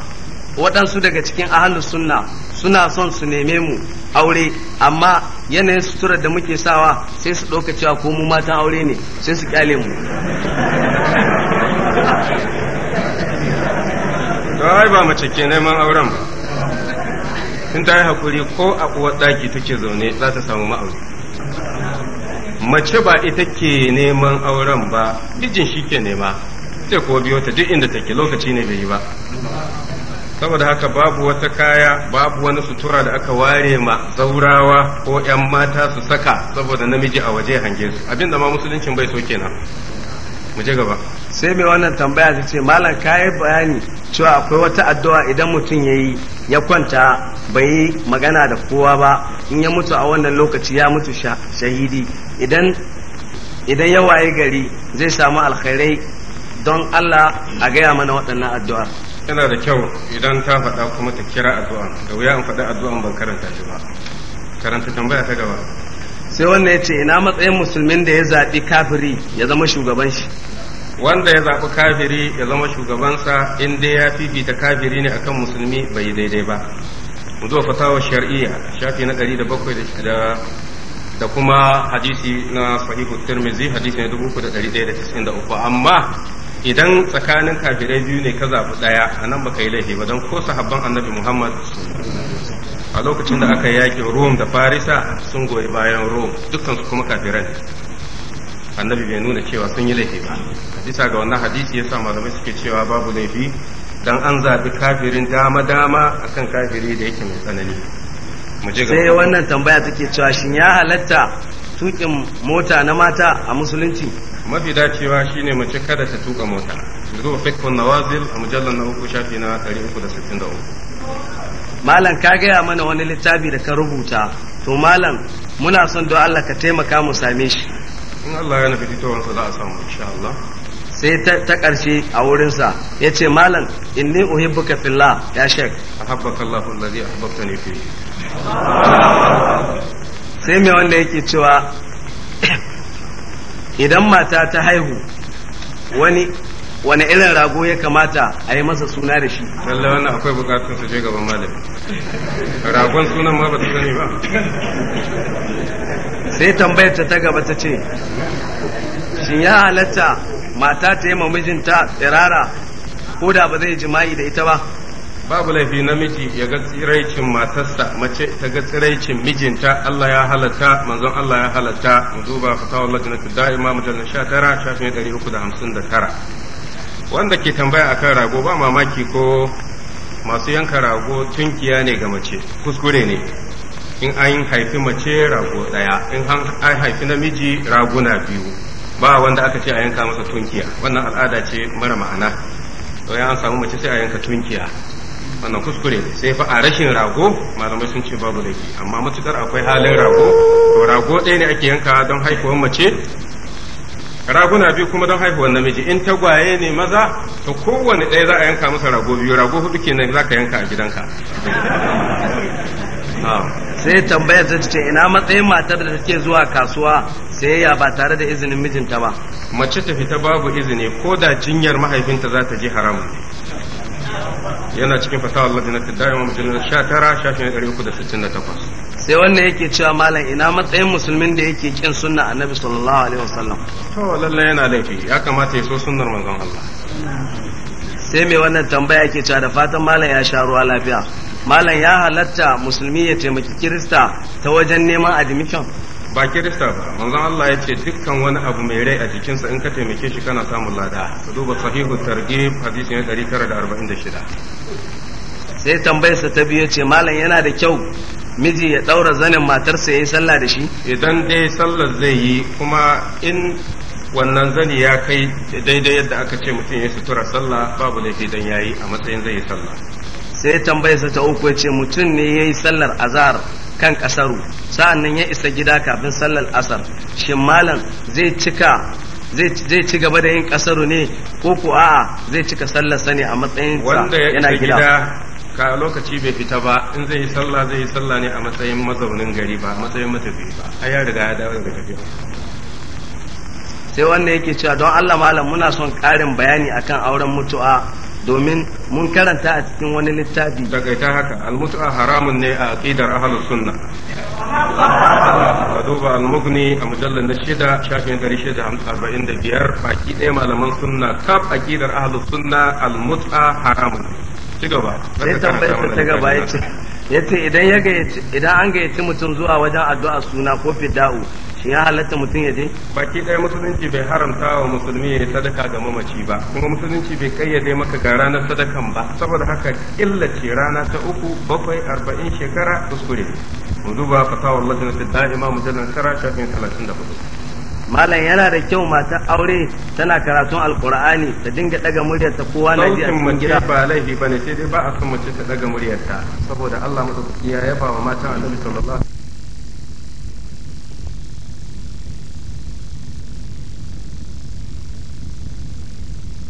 waɗansu daga cikin ahlus sunna suna son su neme mu aure amma yanayin suturar da muke sawa sai su ɗauka cewa ko mu matan aure ne sai su kyale mu ai ba mace ke neman auren ba in ta yi hakuri ko a uwar ɗaki take zaune za ta samu ma'auri mace ba ita ke neman auren ba mijin shi ke nema sai kuwa biyo ta duk inda take lokaci ne bai yi ba saboda haka babu wata kaya babu wani sutura da aka ware ma zaurawa ko 'yan mata su saka saboda namiji a waje hange su abinda ma musuluncin bai so kenan mu je gaba sai mai wannan tambaya ta ce malam kayi bayani cewa akwai wata addu'a idan mutum ya yi ya kwanta bai yi magana da kowa ba in ya mutu a wannan lokaci ya mutu shahidi idan idan ya waye gari zai samu alkhairai don Allah a gaya mana waɗannan addu'a yana da kyau idan ta faɗa kuma ta kira addu'a da wuya an faɗa addu'an ban karanta shi ba karanta tambaya ta gaba sai wanda ya ce ina matsayin musulmin da ya zaɓi kafiri ya zama shugaban shi wanda ya zaɓi kafiri ya zama shugabansa in dai ya fifita kafiri ne akan musulmi bai yi daidai ba mu zo fatawa shar'iyya shafi na ɗari da da kuma hadisi na sahihu tirmidhi hadisi na 3193 amma idan tsakanin kafirai biyu ne ka zaɓi ɗaya a nan baka yi laifi ba don ko sahabban annabi muhammad a lokacin da aka yaƙi rom da farisa sun goyi bayan rom su kuma kafirai annabi bai nuna cewa sun yi laifi ba hadisa ga wannan hadisi ya sa malamai suke cewa babu laifi dan an zaɓi kafirin dama-dama akan kafiri da yake mai tsanani sai wannan tambaya take cewa shin ya halatta tukin mota na mata a musulunci mafi dacewa shine mace kada ta tuka mota zuwa fikhun nawazil a mujallar na uku shafi na 363 malam ka gaya mana wani littafi da ka rubuta to malam muna son don Allah ka taimaka mu same shi in Allah ya nufi fitowarsa za a samu insha Allah sai ta karshe a wurinsa ya ce malam inni uhibbuka fillah ya shek ahabbaka Allahu allazi ahbabtani fihi sai mai wanda yake cewa idan mata ta haihu wani wani irin rago ya kamata a yi masa suna da shi lalle wannan akwai bukatun su je gaban malami ragon sunan ma ba ta sani ba sai tambayar ta ta gaba ta ce shin ya halatta mata ta yi mamijinta tsirara ko da ba zai jima'i da ita ba babu laifi namiji ya ga tsiraicin matarsa mace ta ga tsiraicin mijinta Allah ya halatta manzon Allah ya halatta mu duba fatawar lajnatu da'ima mujallal 19 shafin 359 wanda ke tambaya akan rago ba mamaki ko masu yanka rago tunkiya ne ga mace kuskure ne in an haifi mace rago daya in an haifi namiji raguna biyu ba wanda aka ce a yanka masa tunkiya wannan al'ada ce mara ma'ana to ya an samu mace sai a yanka tunkiya wannan kuskure sai fa a rashin rago malamai sun ce babu laifi amma matukar akwai halin rago to rago ɗaya ne ake yanka don haihuwar mace raguna biyu kuma don haihuwar namiji in tagwaye ne maza to kowane ɗaya za a yanka masa rago biyu rago hudu kenan za ka yanka a gidanka sai tambayar ta ce ina matsayin matar da take zuwa kasuwa sai ya ba tare da izinin mijinta ba mace ta fita babu izini ko da jinyar mahaifinta za ta je haramun yana cikin fasahar ɗari da'ima da sittin, shafin 368 sai wannan yake cewa malam ina matsayin musulmin da yake kin sunna annabi sallallahu alaihi wasallam to lalle yana laifi ya kamata ya so sunnar manzon Allah sai mai wannan tambaya yake cewa da fatan malam ya sha ruwa lafiya malam ya halatta musulmi ya taimaki kirista ta wajen neman admission ba kirista ba manzon Allah ya ce dukkan wani abu mai rai a jikinsa in ka taimake shi kana samun lada ka duba sahihu targhib hadisi ne 946 sai tambayarsa ta biyu ce malam yana da kyau miji ya daura zanin matarsa yayi sallah da shi idan dai sallar zai yi kuma in wannan zani ya kai daidai yadda aka ce mutum ya sutura sallah babu laifi dan yayi a matsayin zai yi sallah sai tambayarsa ta uku ya ce mutum ne yayi sallar azhar kan kasaru sa'an nan ya isa gida kafin sallar asar shin malam zai cika zai ci gaba da yin kasaru ne ko ko a'a zai cika sallar sani a matsayin sa yana gida ka lokaci bai fita ba in zai yi sallah zai yi sallah ne a matsayin mazaunin gari ba a matsayin matafi ba a ya riga ya dawo daga gida sai wanda yake cewa don Allah malam muna son karin bayani akan auren mutu'a domin mun karanta a cikin wani littafi ita haka almut'a haramun ne a aqidar ahlus sunna ka duba almughni a mujallar na shida shafin dari shida arba'in da biyar baki ɗaya malaman sunna kaf aqidar ahlus sunna almut'a haramun ci gaba sai tambayar ta gaba yace yace idan ya idan an gayyaci mutum zuwa wajen addu'a suna ko fidda'u. Shin ya halatta mutum ya je baki ɗaya musulunci bai haramta wa musulmi ya yi sadaka ga mamaci ba kuma musulunci bai kayyade maka ga ranar sadakan ba saboda haka killace rana ta uku bakwai arba'in shekara kuskure mu duba fasawar lajinatul da'ima mujallar tara shafin talatin da hudu malam yana da kyau mata aure tana karatun alkur'ani ta dinga daga muryarta kowa na ji a cikin gida ba laifi ne sai dai ba a son mace ta daga muryarta saboda Allah madaukaki ya yaba wa matan annabi sallallahu alaihi